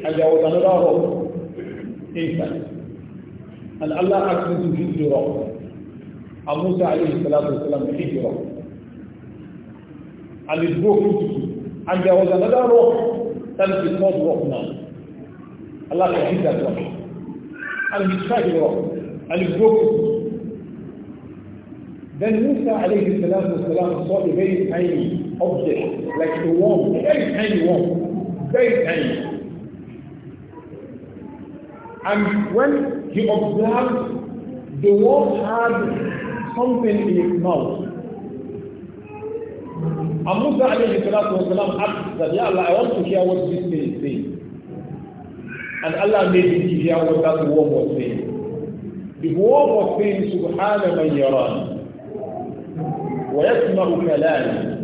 And there was another rock inside. And Allah asked him to hit the rock. And Musa alayhi salatu wasalam hit the rock. And it broke into two. And there was another rock that is the third rock now. Allah can hit that rock. And he tried the rock. And he broke it. Then Musa alayhi salatu Salam saw a very tiny object, like a worm, a very tiny worm, very tiny. And when he observed, the worm had something in its mouth. And Musa alayhi salatu wasalam asked that, Ya Allah, I want to hear what this thing is saying. And Allah made him hear what that worm was saying. The worm was saying, سبحان من يراني ويسمع كلامي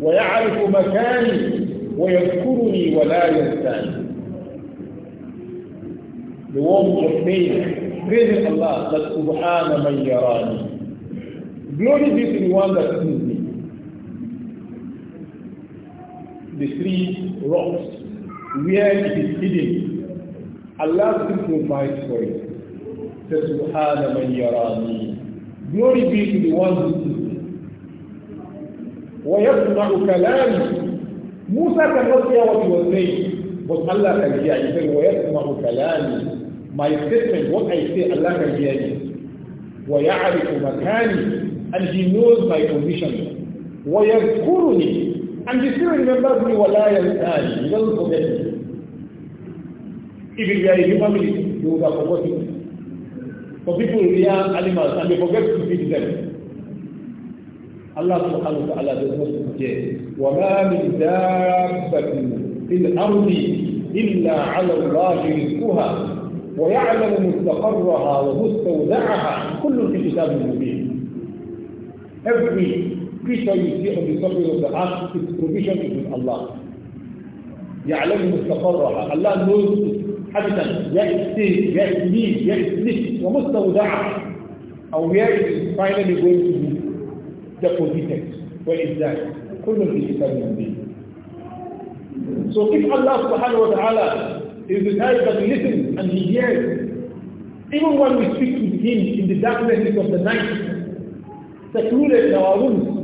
ويعرف مكاني ويذكرني ولا ينساني. The worm was saying, praising Allah, that سبحان من يراني. Glory be to the one that sees. the three rocks where it is hidden. Allah will provide for it. Subhana man yarani. Glory be to the one who sees me. وَيَسْمَعُ كَلَامِي Musa cannot hear what he was saying, but Allah can hear. He said, وَيَسْمَعُ كَلَامِي My statement, what I say, Allah can hear it. وَيَعْرِفُ مَكَانِي And he knows my position. وَيَذْكُرُنِي And he still remembers me, Wala Yantani. He doesn't forget me. Even you are a human being you would have forgotten. For people, they are animals and they forget to feed them. Allah ta'ala does not forget وما من دابة في الأرض إلا على الله رزقها ويعلم مستقرها ومستودعها كل في كتاب مبين. Every في شيء يصيح بالصبر والسعادة its provision is with Allah يعلم مستقرها Allah knows حدثا where it stays where it leaves where it sleeps ومستودعها أو where it is finally going to be deposited where is that كل في كتاب مبين So if Allah subhanahu wa ta'ala is the type that listens and he hears, even when we speak to him in the darkness of the night, secluded in our rooms,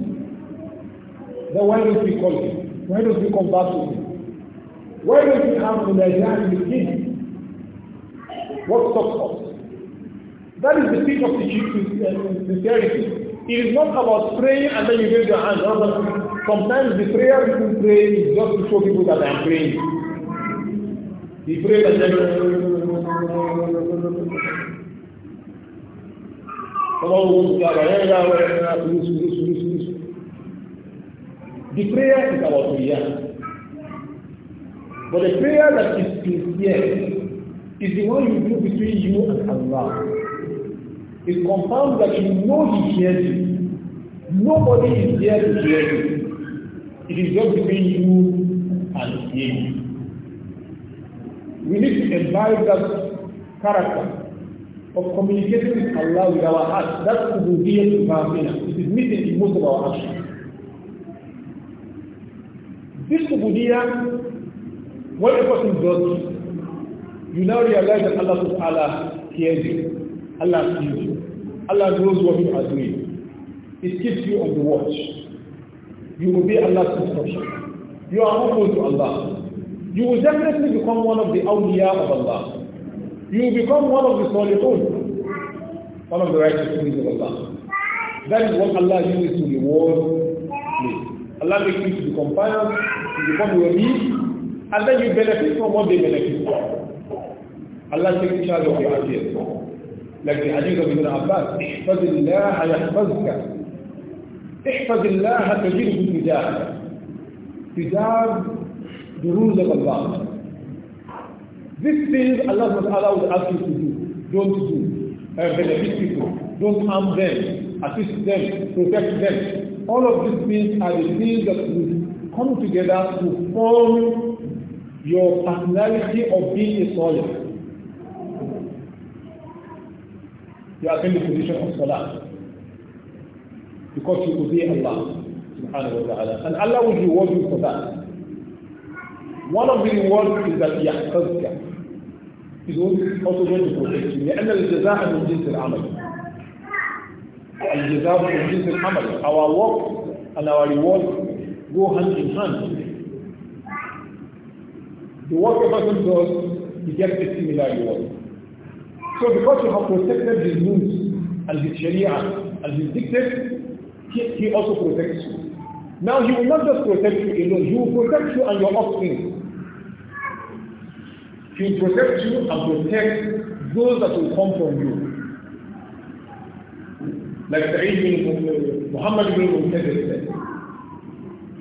Then why don't we call him? Why don't come back to him? Why don't come have the Nigerian with him? What stops us? That is the thing of the sincerity. Uh, it is not about praying and then you raise your hand. Sometimes the prayer people pray is just to show people that I am praying. He prays and then the prayer is our prayer. But the prayer that is sincere is the one you do between you and Allah. It confirms that you know He hears you. Nobody is there to hear you. It is just between you and Him. We need to imbibe that character of communicating with Allah with our heart. That's to be the It is missing in most of our actions. This ubudiyah, when a person does, you now realize that Allah subhanahu hears you. Allah sees you. Allah knows what you are doing. It keeps you on the watch. You obey Allah's instruction. You are humble to Allah. You will definitely become one of the awliya of Allah. You will become one of the salihun, one of the righteous things of Allah. That is what Allah uses to reward me. Allah makes you to become pious. you become your need, and then you benefit from what they benefit Allah takes charge of your affairs. Like the hadith of Ibn Abbas, احفظ الله يحفظك. احفظ الله تجده تجاهك. These things Allah Ta'ala would ask you to do. Don't do. Uh, benefit people. Don't harm them. Assist them. Protect them. All of these things are the things that will come together to form your personality of being a scholar. You are in the position of salah. Because you obey Allah subhanahu wa ta'ala. And Allah will reward you for that. One of the rewards is that يحفظك. is also going to protect you. لأن الجزاء من جنس العمل. الجزاء من جنس العمل. Our work and our reward go hand in hand. The work a person does, he gets a similar reward. So because you have protected his rules and his sharia and his dictates, he, he also protects you. Now he will not just protect you alone, he will protect you and your offspring. He will protect you and protect those that will come from you. Like Sa'id bin Muhammad bin Muhammad said,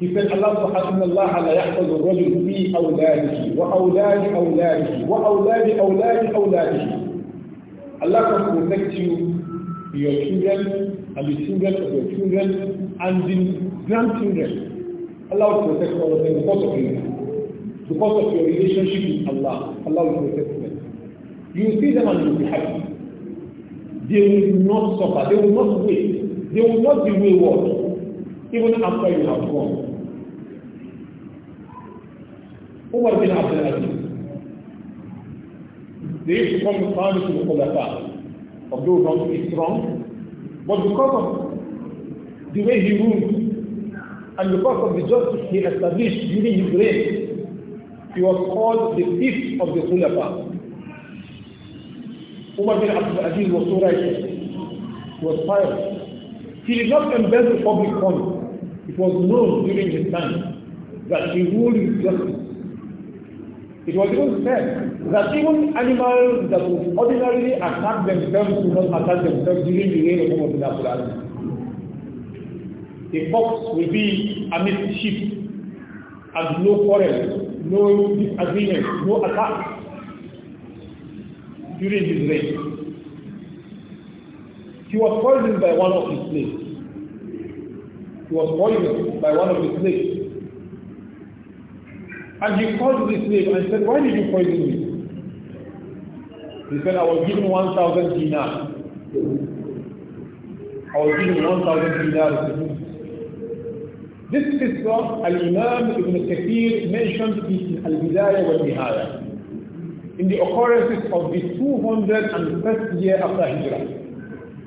يقول الله سبحانه الله لا يحفظ الرجل في أولاده وأولاد أولاده وأولاد أولاد أولاده Allah can protect you, your children, and the children of your children, and the grandchildren. Allah will protect all of them because of you. Because of your relationship with Allah, Allah will protect them. You will see them and you will be happy. They will not suffer. They will not wait. They will not be wayward, even after you have gone. Umar bin Abdul Aziz. They used to call the Qadi to the Khulafa, although not it's wrong, but because of the way he ruled and because of the justice he established during his reign, he was called the fifth of the Khulafa. Umar bin Abdul Aziz was so righteous. He was pious. He did not embezzle public funds. It was known during his time that he ruled with justice. It was even said that even animals that would ordinarily attack themselves do not attack themselves during the reign of Umar bin Abdul A fox will be amidst sheep and no quarrel, no disagreement, no attack during his reign. He was poisoned by one of his slaves. He was poisoned by one of his slaves. And he called this slave and said, Why did you poison me? He said, I was given 1,000 dinars. I was given 1,000 dinars. This is what Al-Imam Ibn Kathir mentioned in Al-Bidayah wa Nihaya in the occurrences of the 201st year after Hijrah.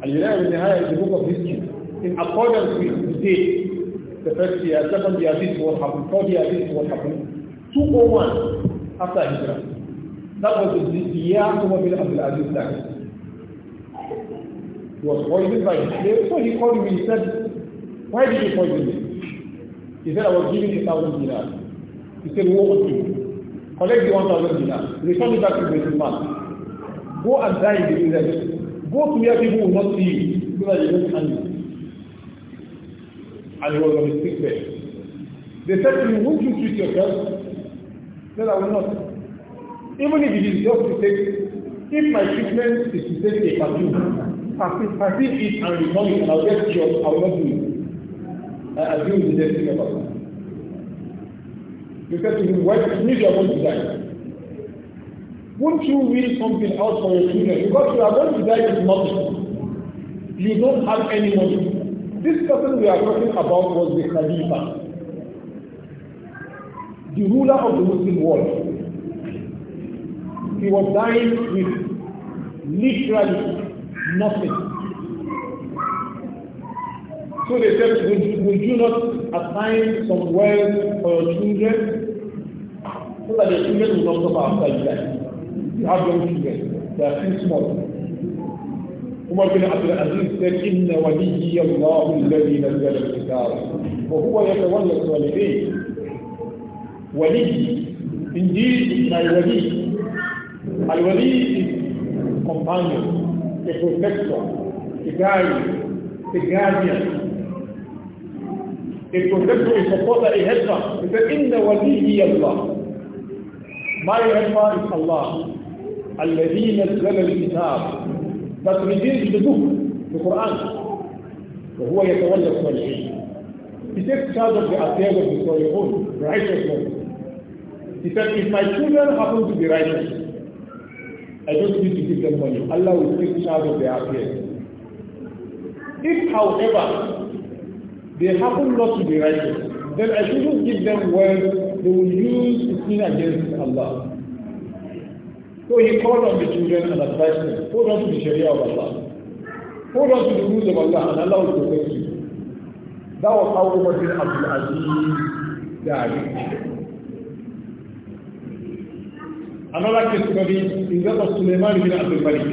Al-Bidayah wa Nihaya is the book of history. In accordance with the date, the first year, second year, this what happened, third year, this what happened, 201 after Hijrah. That was the year Umar bin Abdul Aziz died. He was poisoned by a slave. So he called me. He said, Why did you poison me? He said, I was giving a thousand dinars. He said, Woe unto you. Collect the one thousand dinars. Return it back to the man. Go and die in the desert. Go to where people will not see you so that they don't hang you. And he was on his sick bed. They said to him, Won't you treat yourself? No, I will not. Even if it is just to take, if my treatment is to take a perfume, I feel it and return it and I'll get cured, I will not do it. I agree with the thing about that. You said to him, you are going to die? Won't you will something out for your children? Because you are going to die with nothing. You don't have any money. This person we are talking about was the Khalifa the ruler of the Muslim world. He was dying with literally nothing. So they said, would, would you not assign some wealth for your children so that the children will not suffer after you die? You have young children, they are still small. عمر بن عبد العزيز قال إن ولي الله الذي نزل الكتاب وهو يتولى الصالحين Wali. Indeed, my wali. Al wali is companion, a protector, a guide, a guardian. A protector, a supporter, a helper. He said, Inna waliyi Allah. My helper is Allah. الذي نزل الكتاب بس reveals the book, the Quran. وهو يتولى الصالحين. He takes charge of the affairs of the صالحون, righteous ones. He said, if my children happen to be righteous, I don't need to give them money. Allah will take charge of their affairs. If, however, they happen not to be righteous, then I shouldn't give them wealth they will use to sin against Allah. So he called on the children and advised them, hold on to the Sharia of Allah. Hold on to the rules of Allah and Allah will protect you. That was how Umar bin Abdul Aziz died. Another case study is that of Suleiman bin Abdul Malik.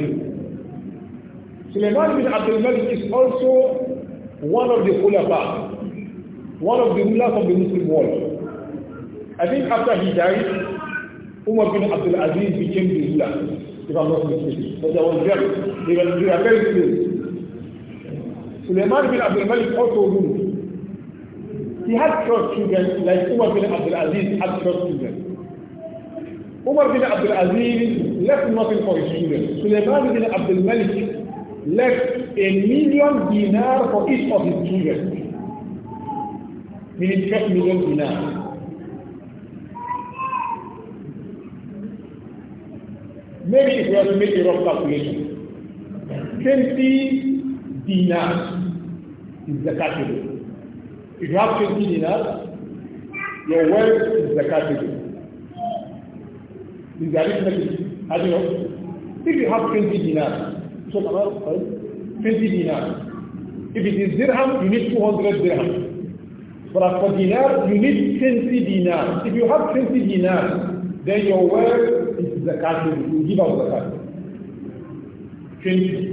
Suleiman bin Abdul Malik is also one of the khulafa, one of the rulers of the Muslim world. I think after he died, Umar bin Abdul Aziz became the ruler, if I'm not mistaken. But was very, they were, they were very close. Suleiman bin Abdul Malik also ruled. He had twelve children, like Umar bin Abdul Aziz had twelve children. Umar bin Abdul Aziz left nothing for his children. Sulaiman bin Abdul Malik left a million dinar for each of his children. Meaning 10 million dinar. Maybe if we have to make a rough calculation, 20 dinars is the category. If you have 20 dinars, your wealth is the category is the arithmetic. As you know, if you have 20 dinars, so about uh, 20 dinars. If it is dirham, you need 200 dirham. But for dinar, you need 20 dinars. If you have 20 dinars, then your wealth is zakat. You give out zakat. 20.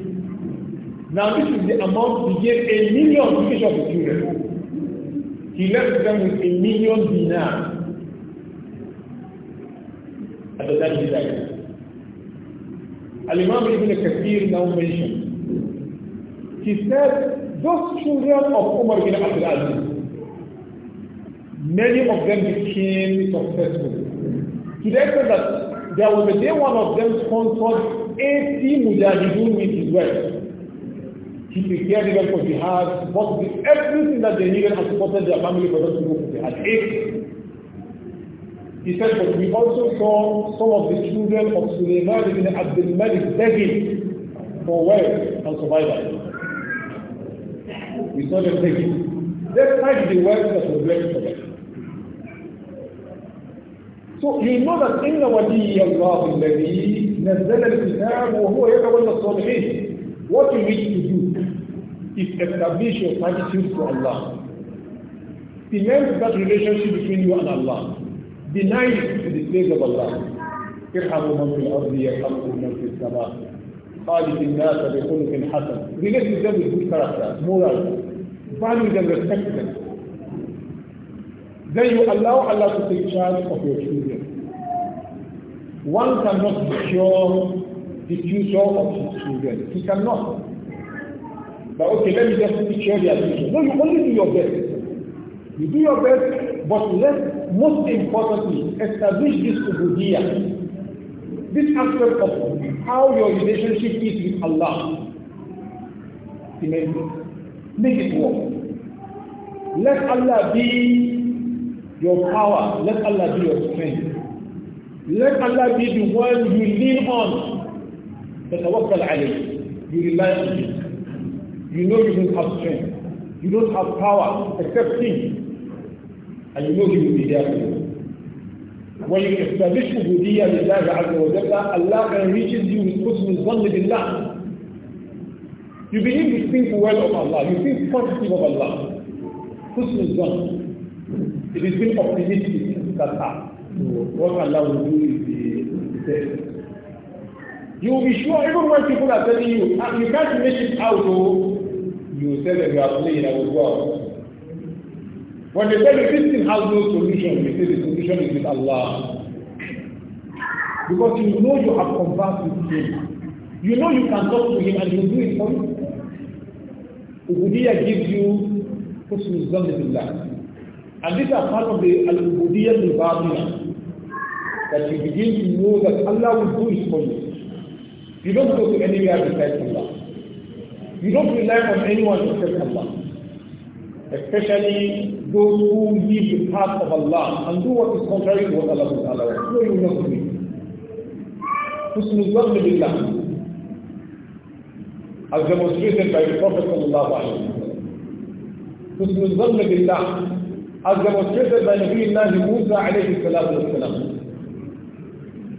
Now this is the amount he gave a million to each of the children. He left them with a million dinars at the time he died. Al-Imam Ibn Kathir now mentioned, he said, those children of Umar bin Abdul Aziz, many of them became successful. Today said that there was a day one of them sponsored 80 mujahideen with his wife. He prepared them for jihad, bought everything that they needed and supported their family for them to go for jihad. 80. He said "But we also saw some of the children of Sulaiman ibn Abdul Malik begging for wealth and survival. We saw them begging. Despite the wealth that was left for them. So you know that إن ولي الله الذي نزل الكتاب وهو يتولى الصالحين. What you need to do is establish your attitude to Allah. Cement that relationship between you and Allah deny it to the praise of Allah. ارحموا من في الأرض يرحمكم من في السماء. خالق الناس بخلق حسن. Relate with them with good character, moral, value them, respect them. Then you allow Allah to take charge of your children. One cannot secure the future of his children. He cannot. But okay, let me just secure the future. No, you only do your best. You do your best, but let most importantly, establish this ubudiyah, this aspect of how your relationship is with Allah. Make it work. Let Allah be your power. Let Allah be your strength. Let Allah be the one you lean on. Tawakkal alayh. You rely on Him. You know you don't have strength. You don't have power except Him. أن يوهب بداخله ويستبش عبودية لله عز وجل Allah can reaches you with husn ظن بالله You believe you think well of Allah, you think positive of Allah. Husn ظن. It is being optimistic that ah, what Allah will do is the best. You will be sure, even when people are telling you, ah, you can't make it out, oh, you will say that you are playing, I will go out. When they say that this thing has no solution, they say the solution is with Allah. Because you know you have conversed with Him. You know you can talk to Him and He will do it for you. Ubudiyah gives you husnul billah. And these are part of the al-ubudiyah al That you begin to know that Allah will do it for you. You don't go to anywhere besides Allah. You don't rely on anyone except Allah. Especially those who leave the path of Allah and do what is contrary to what Allah Ta'ala wants. No, you will not agree. Husn al-Zann billah. As demonstrated by the Prophet sallallahu alayhi wa sallam. Husn al-Zann billah. As demonstrated by Nabi Allah Musa alayhi salatu wa sallam.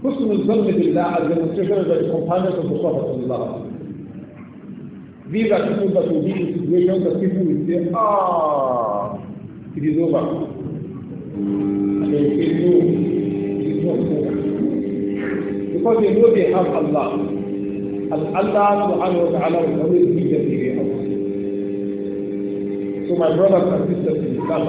Husn al billah as demonstrated by the companions of the Prophet sallallahu alayhi wa These are people that will be in situations that people will say, ah, it is over. And they say, no, it is not over. Because they know they have Allah. And Allah subhanahu wa ta'ala will always give them the help. So my brothers and sisters in Islam,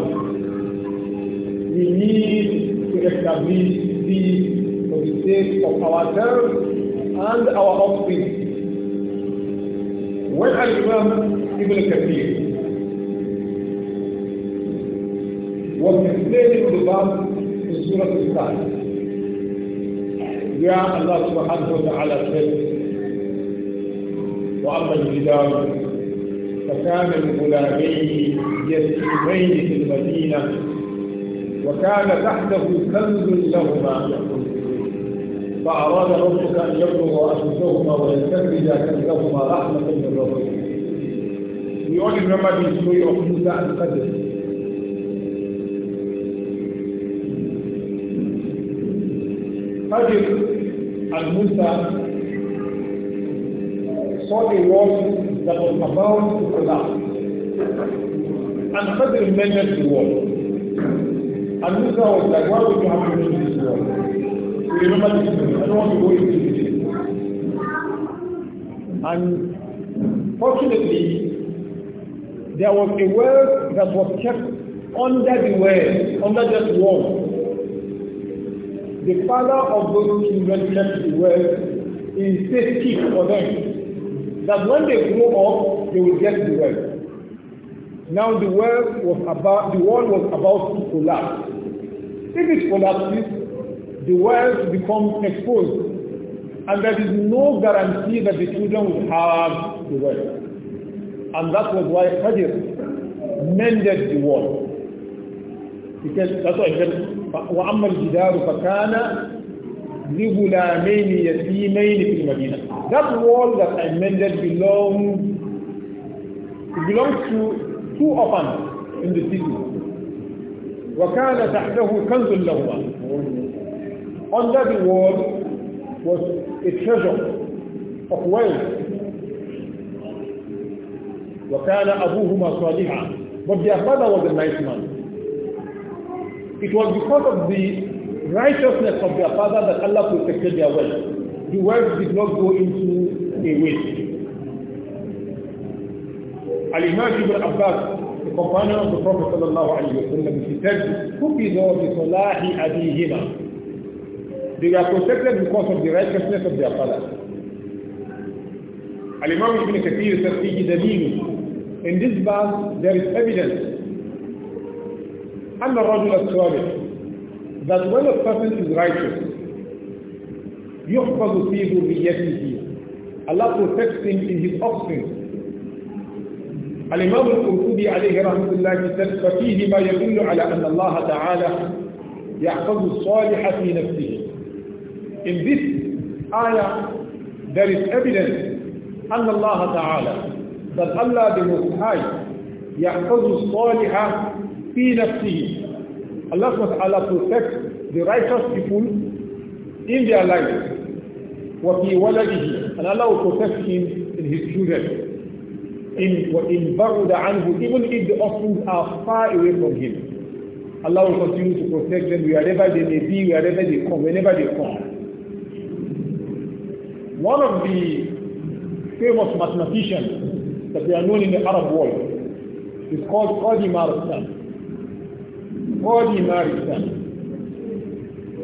we need to establish these for the sake of ourselves and our offspring. When Al-Imam Ibn Kathir ومثلين الرباط في سورة الثانية يا الله سبحانه وتعالى سيد وأما الجدار فكان الغلامين يسيرين في المدينة وكان تحته كنز لهما فأراد ربك أن يبلغ أشدهما ويستخرج كنزهما رحمة من ربك. يقول all remember the story Fájìl Al-Musa saw a wall that was about to collapse. And Fájìl measured the wall. And Musa was like, why would you have to measure this wall? remember this thing. I don't want to go into detail. And fortunately, there was a well that was kept under the well, under that wall the father of those children left the wealth is safety for them. That when they grow up, they will get the wealth. Now the world was about the world was about to collapse. If it collapses, the world becomes exposed. And there is no guarantee that the children will have the wealth. And that was why Hajj mended the world. Because that's why he said, وأما الجدار فكان لغلامين يتيمين في المدينة That wall that I mentioned belongs it belongs to two orphans in the city. وكان تحته كنز لهما Under the wall was a treasure of wealth وكان أبوهما صالحا but their father was a nice man It was because of the righteousness of their father that Allah protected their wealth. The wealth did not go into a waste. Al-Imam Ibn Abbas, the companion of the Prophet sallallahu alayhi wa sallam, he said, كُفِذَا بِصَلَاحِ أَبِيهِمَا They were protected because of the righteousness of their father. Al-Imam Ibn Kathir said, فِيهِ دَلِيلٌ In this verse, there is evidence and the rajul as-salih that when a person is righteous your yuhfadu fihu biyatihi Allah protects him in his offspring الإمام القرطبي عليه رحمة الله كتب ففيه ما يدل على أن الله تعالى يحفظ الصالح في نفسه. In this ayah, there is evidence أن الله تعالى that Allah the Most High يحفظ الصالح في نفسه Allah subhanahu wa protect the righteous people in their life وفي ولده and Allah will protect him in his children in وإن بعد عنه even if the offspring are far away from him Allah will continue to protect them wherever they may be wherever they come whenever they come one of the famous mathematicians that they are known in the Arab world is called Qadim al-Islam body married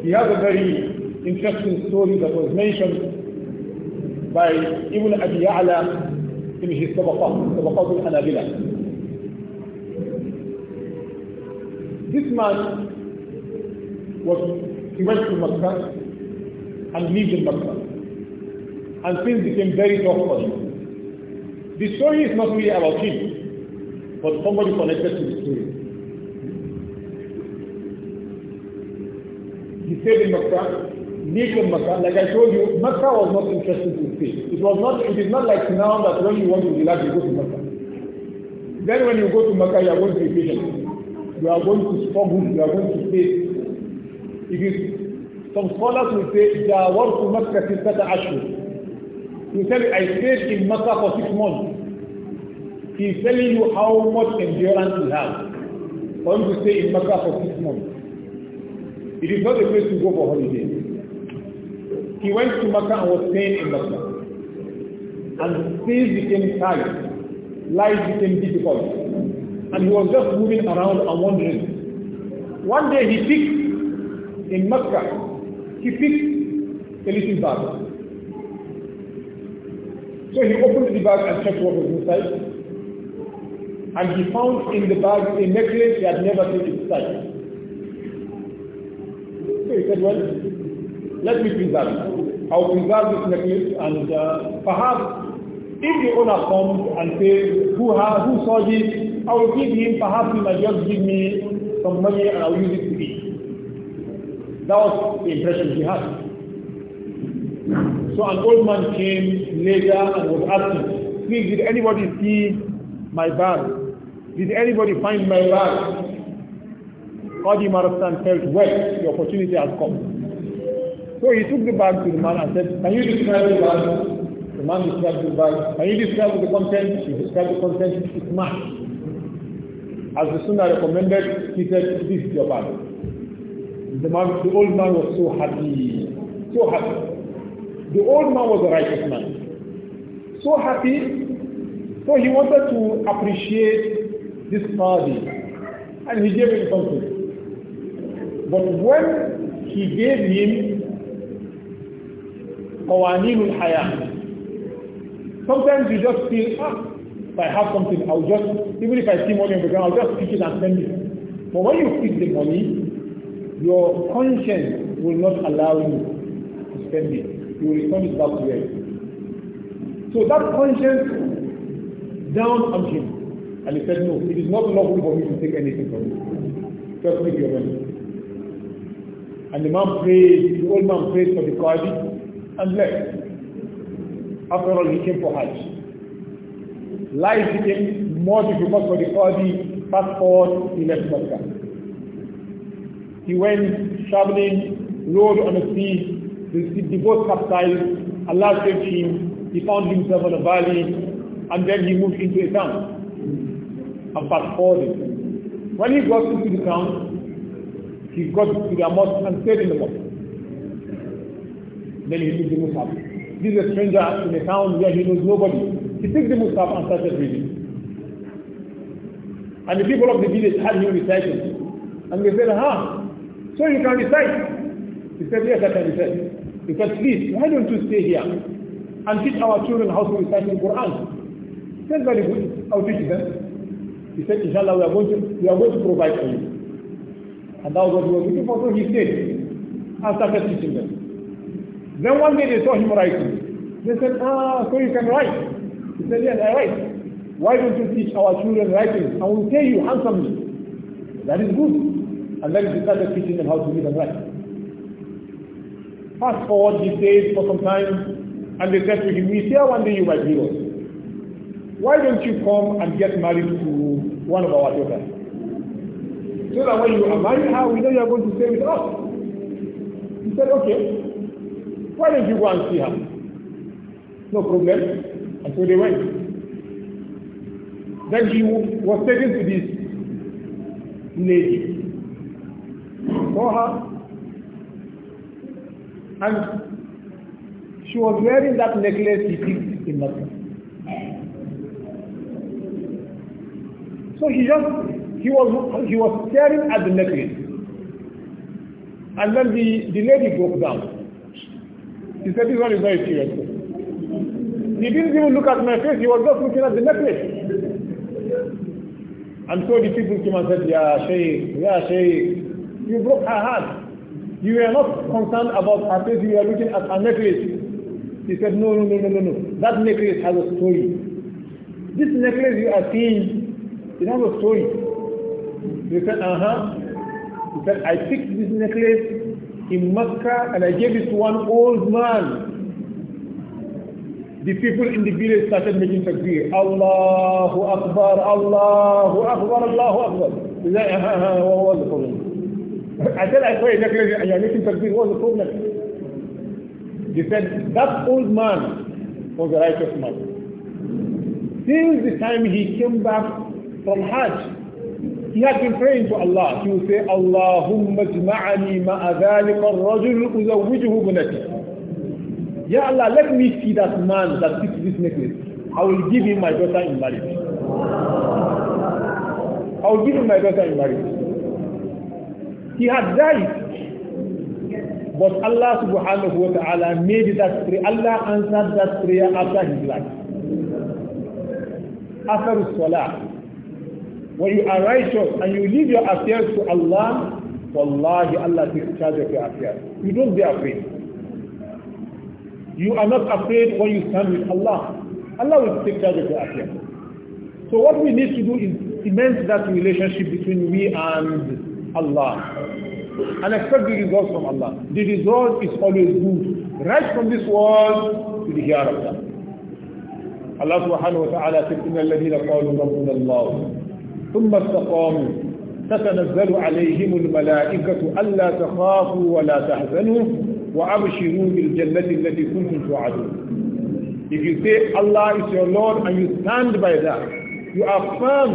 He has a very interesting story that was mentioned by Ibn Abi Ya'la in his Tabaqah, Tabaqah al-Hanabila. This man was, he went to Makkah and lived in Makkah. And things became very tough for him. The story is not really about him, but somebody connected to the story. stayed in Makkah, lived in Like I told you, Makkah was not interesting to stay. It was not, it is not like now that when you want to relax, you go to Makkah. Then when you go to Makkah, you are going to be patient. You are going to struggle, you are going to It is, some scholars will say, Jawar to Makkah is such You tell me, I stayed in Makkah for six months. He is telling you how much endurance he has. For him to stay in Makkah for six months. It is not a place to go for holiday. He went to Makkah and was staying in Makkah. And things became tight. Life became difficult. And he was just moving around and wandering. One day he picked, in Makkah, he picked a little bag. So he opened the bag and checked what was inside. And he found in the bag a necklace he had never seen inside. said, well, let me preserve it. I'll preserve this necklace and uh, perhaps if the owner comes and says, who, has, who saw this, I will give him, perhaps he might just give me some money and I'll use it to eat. That was the impression he had. So an old man came later and was asking, please, did anybody see my bag? Did anybody find my bag? Qadi Marastan felt, well, the opportunity has come. So he took the bag to the man and said, can you describe the bag? The man described the bag. Can you describe the content? He described the content. It's matched. As the sunnah recommended, he said, this is your bag. The, man, the old man was so happy. So happy. The old man was a righteous man. So happy. So he wanted to appreciate this party. And he gave him something. But when he gave him Qawanimul Hayat, sometimes you just feel, ah, if I have something, I'll just, even if I see money on the ground, I'll just pick it and spend it. But when you pick the money, your conscience will not allow you to spend it. You will return it back to you. So that conscience down on him. And he said, no, it is not lawful for me to take anything from you. Just make your money. And the man prayed, the old man prayed for the Qadi and left. After all, he came for Hajj. Life became more difficult for the Qadi. Fast forward, he left Mecca. He went traveling, rode on the sea, the, the boat capsized, Allah saved him, he found himself on a valley, and then he moved into a town. And fast forward. When he got into the town, he got to their mosque and stayed in the mosque. Then he took the Mushaf. This is a stranger in a town where he knows nobody. He took the Mushaf and started reading. And the people of the village had him reciting. And they said, huh, so you can recite. He said, yes, I can recite. He said, please, why don't you stay here and teach our children how to recite the Quran? He said, very good, I'll teach them. He said, inshallah, we are going to, we are going to provide for you. And that was what he was looking for, so he stayed and started teaching them. Then one day they saw him writing. They said, ah, so you can write. He said, yes, I write. Why don't you teach our children writing? I will pay you handsomely. That is good. And then he started teaching them how to read and write. Fast forward, he stayed for some time, and they said to him, we fear one day you might leave us. Why don't you come and get married to one of our daughters? so that when you are married her, we know you are going to stay with us. He said, okay, why don't you go and see her? No problem. And so they went. Then he was taken to this lady. Saw her. And she was wearing that necklace he picked in Mecca. So he just he was, he was staring at the necklace. And then the, the lady broke down. He said, this one is very serious. He didn't even look at my face, he was just looking at the necklace. And so the people came and said, Ya Shaykh, Ya Shaykh, you broke her heart. You were not concerned about her face, you were looking at her necklace. He said, No, no, no, no, no, no. That necklace has a story. This necklace you are seeing, it has a story. He said, uh-huh. He said, I fixed this necklace in Mecca and I gave it to one old man. The people in the village started making takbir. Allahu Akbar, Allahu Akbar, Allahu Akbar. He said, uh uh-huh, what was the problem? I said, I saw a necklace and you're making takbir. What was the problem? He said, that old man was a righteous man. Since the time he came back from Hajj, he had been praying to Allah. He would say, Allahumma jma'ani ma'a dhalika rajul uzawwijuhu bunati. let me see that man that fits this necklace. I will give him my daughter in marriage. I will give him my daughter in marriage. He had died. But Allah subhanahu wa ta'ala made that prayer. Allah answered that prayer after his life. After his salah. When you are righteous and you leave your affairs to Allah, Wallahi, Allah takes charge of your affairs. You don't be afraid. You are not afraid when you stand with Allah. Allah will take charge of your affairs. So what we need to do is cement that relationship between we and Allah. And expect the results from Allah. The result is always good. Right from this world to the hereafter. Allah subhanahu wa ta'ala said, إِنَّ الَّذِينَ قَالُوا رَبُّنَ اللَّهُ ثم استقاموا تتنزل عليهم الملائكة ألا تخافوا ولا تحزنوا وأبشروا بالجنة التي كنتم توعدون If you say Allah is your Lord and you stand by that, you are firm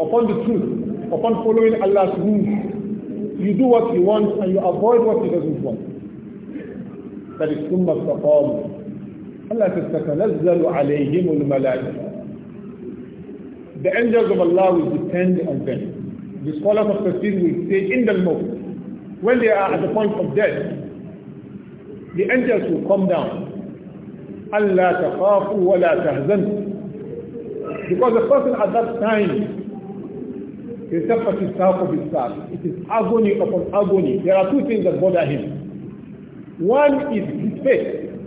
upon the truth, upon following Allah's rules. You do what He wants and you avoid what He doesn't want. That is ثم Taqam. Allah says, تتنزل عليهم الملائكة the angels of Allah will depend on them. The scholars of Tafsir will say in the moment, when they are at the point of death, the angels will come down. Allah taqafu wa la tahzan. Because the person at that time, of his self It is agony upon agony. There are two things that bother him. One is his faith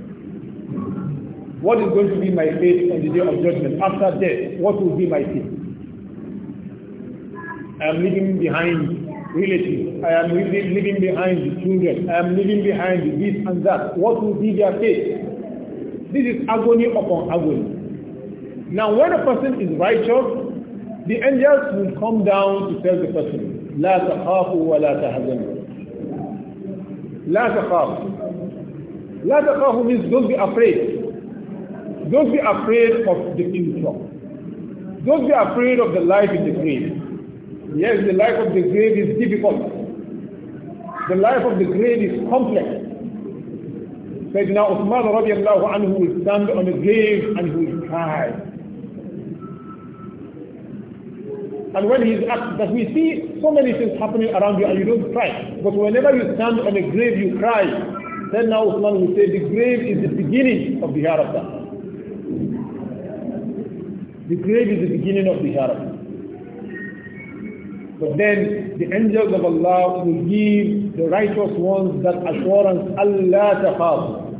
what is going to be my fate on the day of judgment? After death, what will be my fate? I am leaving behind relatives. I am leaving behind children. I am leaving behind this and that. What will be their fate? This is agony upon agony. Now, when a person is righteous, the angels will come down to tell the person, لا تخافوا ولا تحزنوا لا تخافوا لا تخافوا means don't be afraid don't be afraid of the future. Don't be afraid of the life in the grave. Yes, the life of the grave is difficult. The life of the grave is complex. Sayyidina Uthman radiallahu anhu will stand on the grave and he will cry. And when he's asked, that we see so many things happening around you and you don't cry. But whenever you stand on a grave, you cry. Then now Uthman will say, the grave is the beginning of the hereafter. The grave is the beginning of the hereafter. But then the angels of Allah will give the righteous ones that assurance Allah Ta'ala.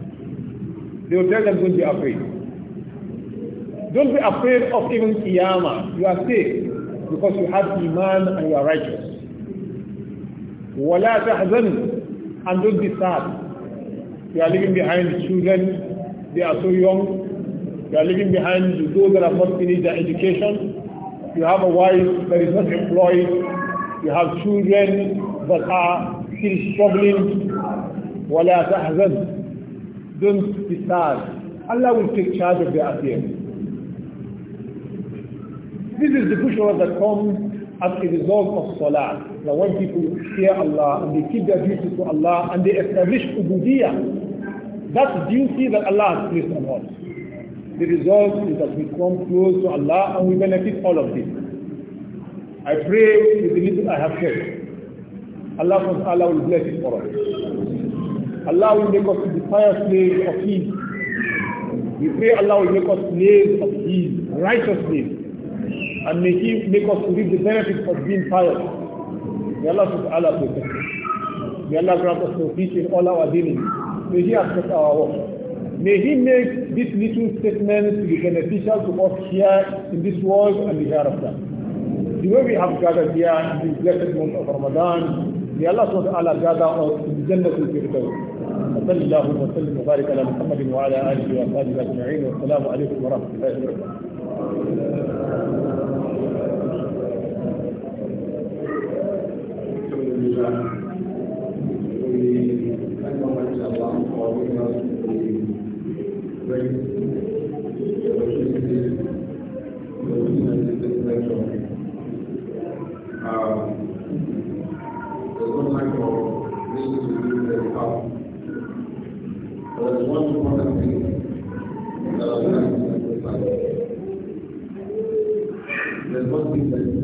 They will tell them don't be afraid. Don't be afraid of even Qiyamah. You are safe because you have Iman and you are righteous. وَلَا تَحْزَنُ And don't be sad. You are leaving behind the children. They are so young. You are leaving behind those that have not finished their education. You have a wife that is not employed. You have children that are still struggling. تَحْزَنْ Don't be sad. Allah will take charge of their affairs. This is the pushawah that comes as a result of salah. Now when people fear Allah and they keep their duties to Allah and they establish ubudiyah, that duty that Allah has placed on us. the result is that we come close to Allah and we benefit all of this. I pray with the little I have said. Allah from Allah will bless it for us. Allah will make us the fire slaves of His. We pray Allah will make us slaves of His, righteous slaves. And may He make us to reap the benefit of being pious. May Allah from Allah protect us. May Allah grant us to in all our dealings. May He accept our work. May he make this little statement to be beneficial to us here in this world and the hereafter. The way we have gathered here in this blessed month of Ramadan, may Allah subhanahu wa ta'ala gather us in the Jannah al-Firdaus. وصلى الله وسلم وبارك على محمد وعلى اله واصحابه اجمعين والسلام عليكم ورحمه الله وبركاته. great opportunity there's no time for me to do the talk. But there's one important thing that I would to emphasize. There's one thing that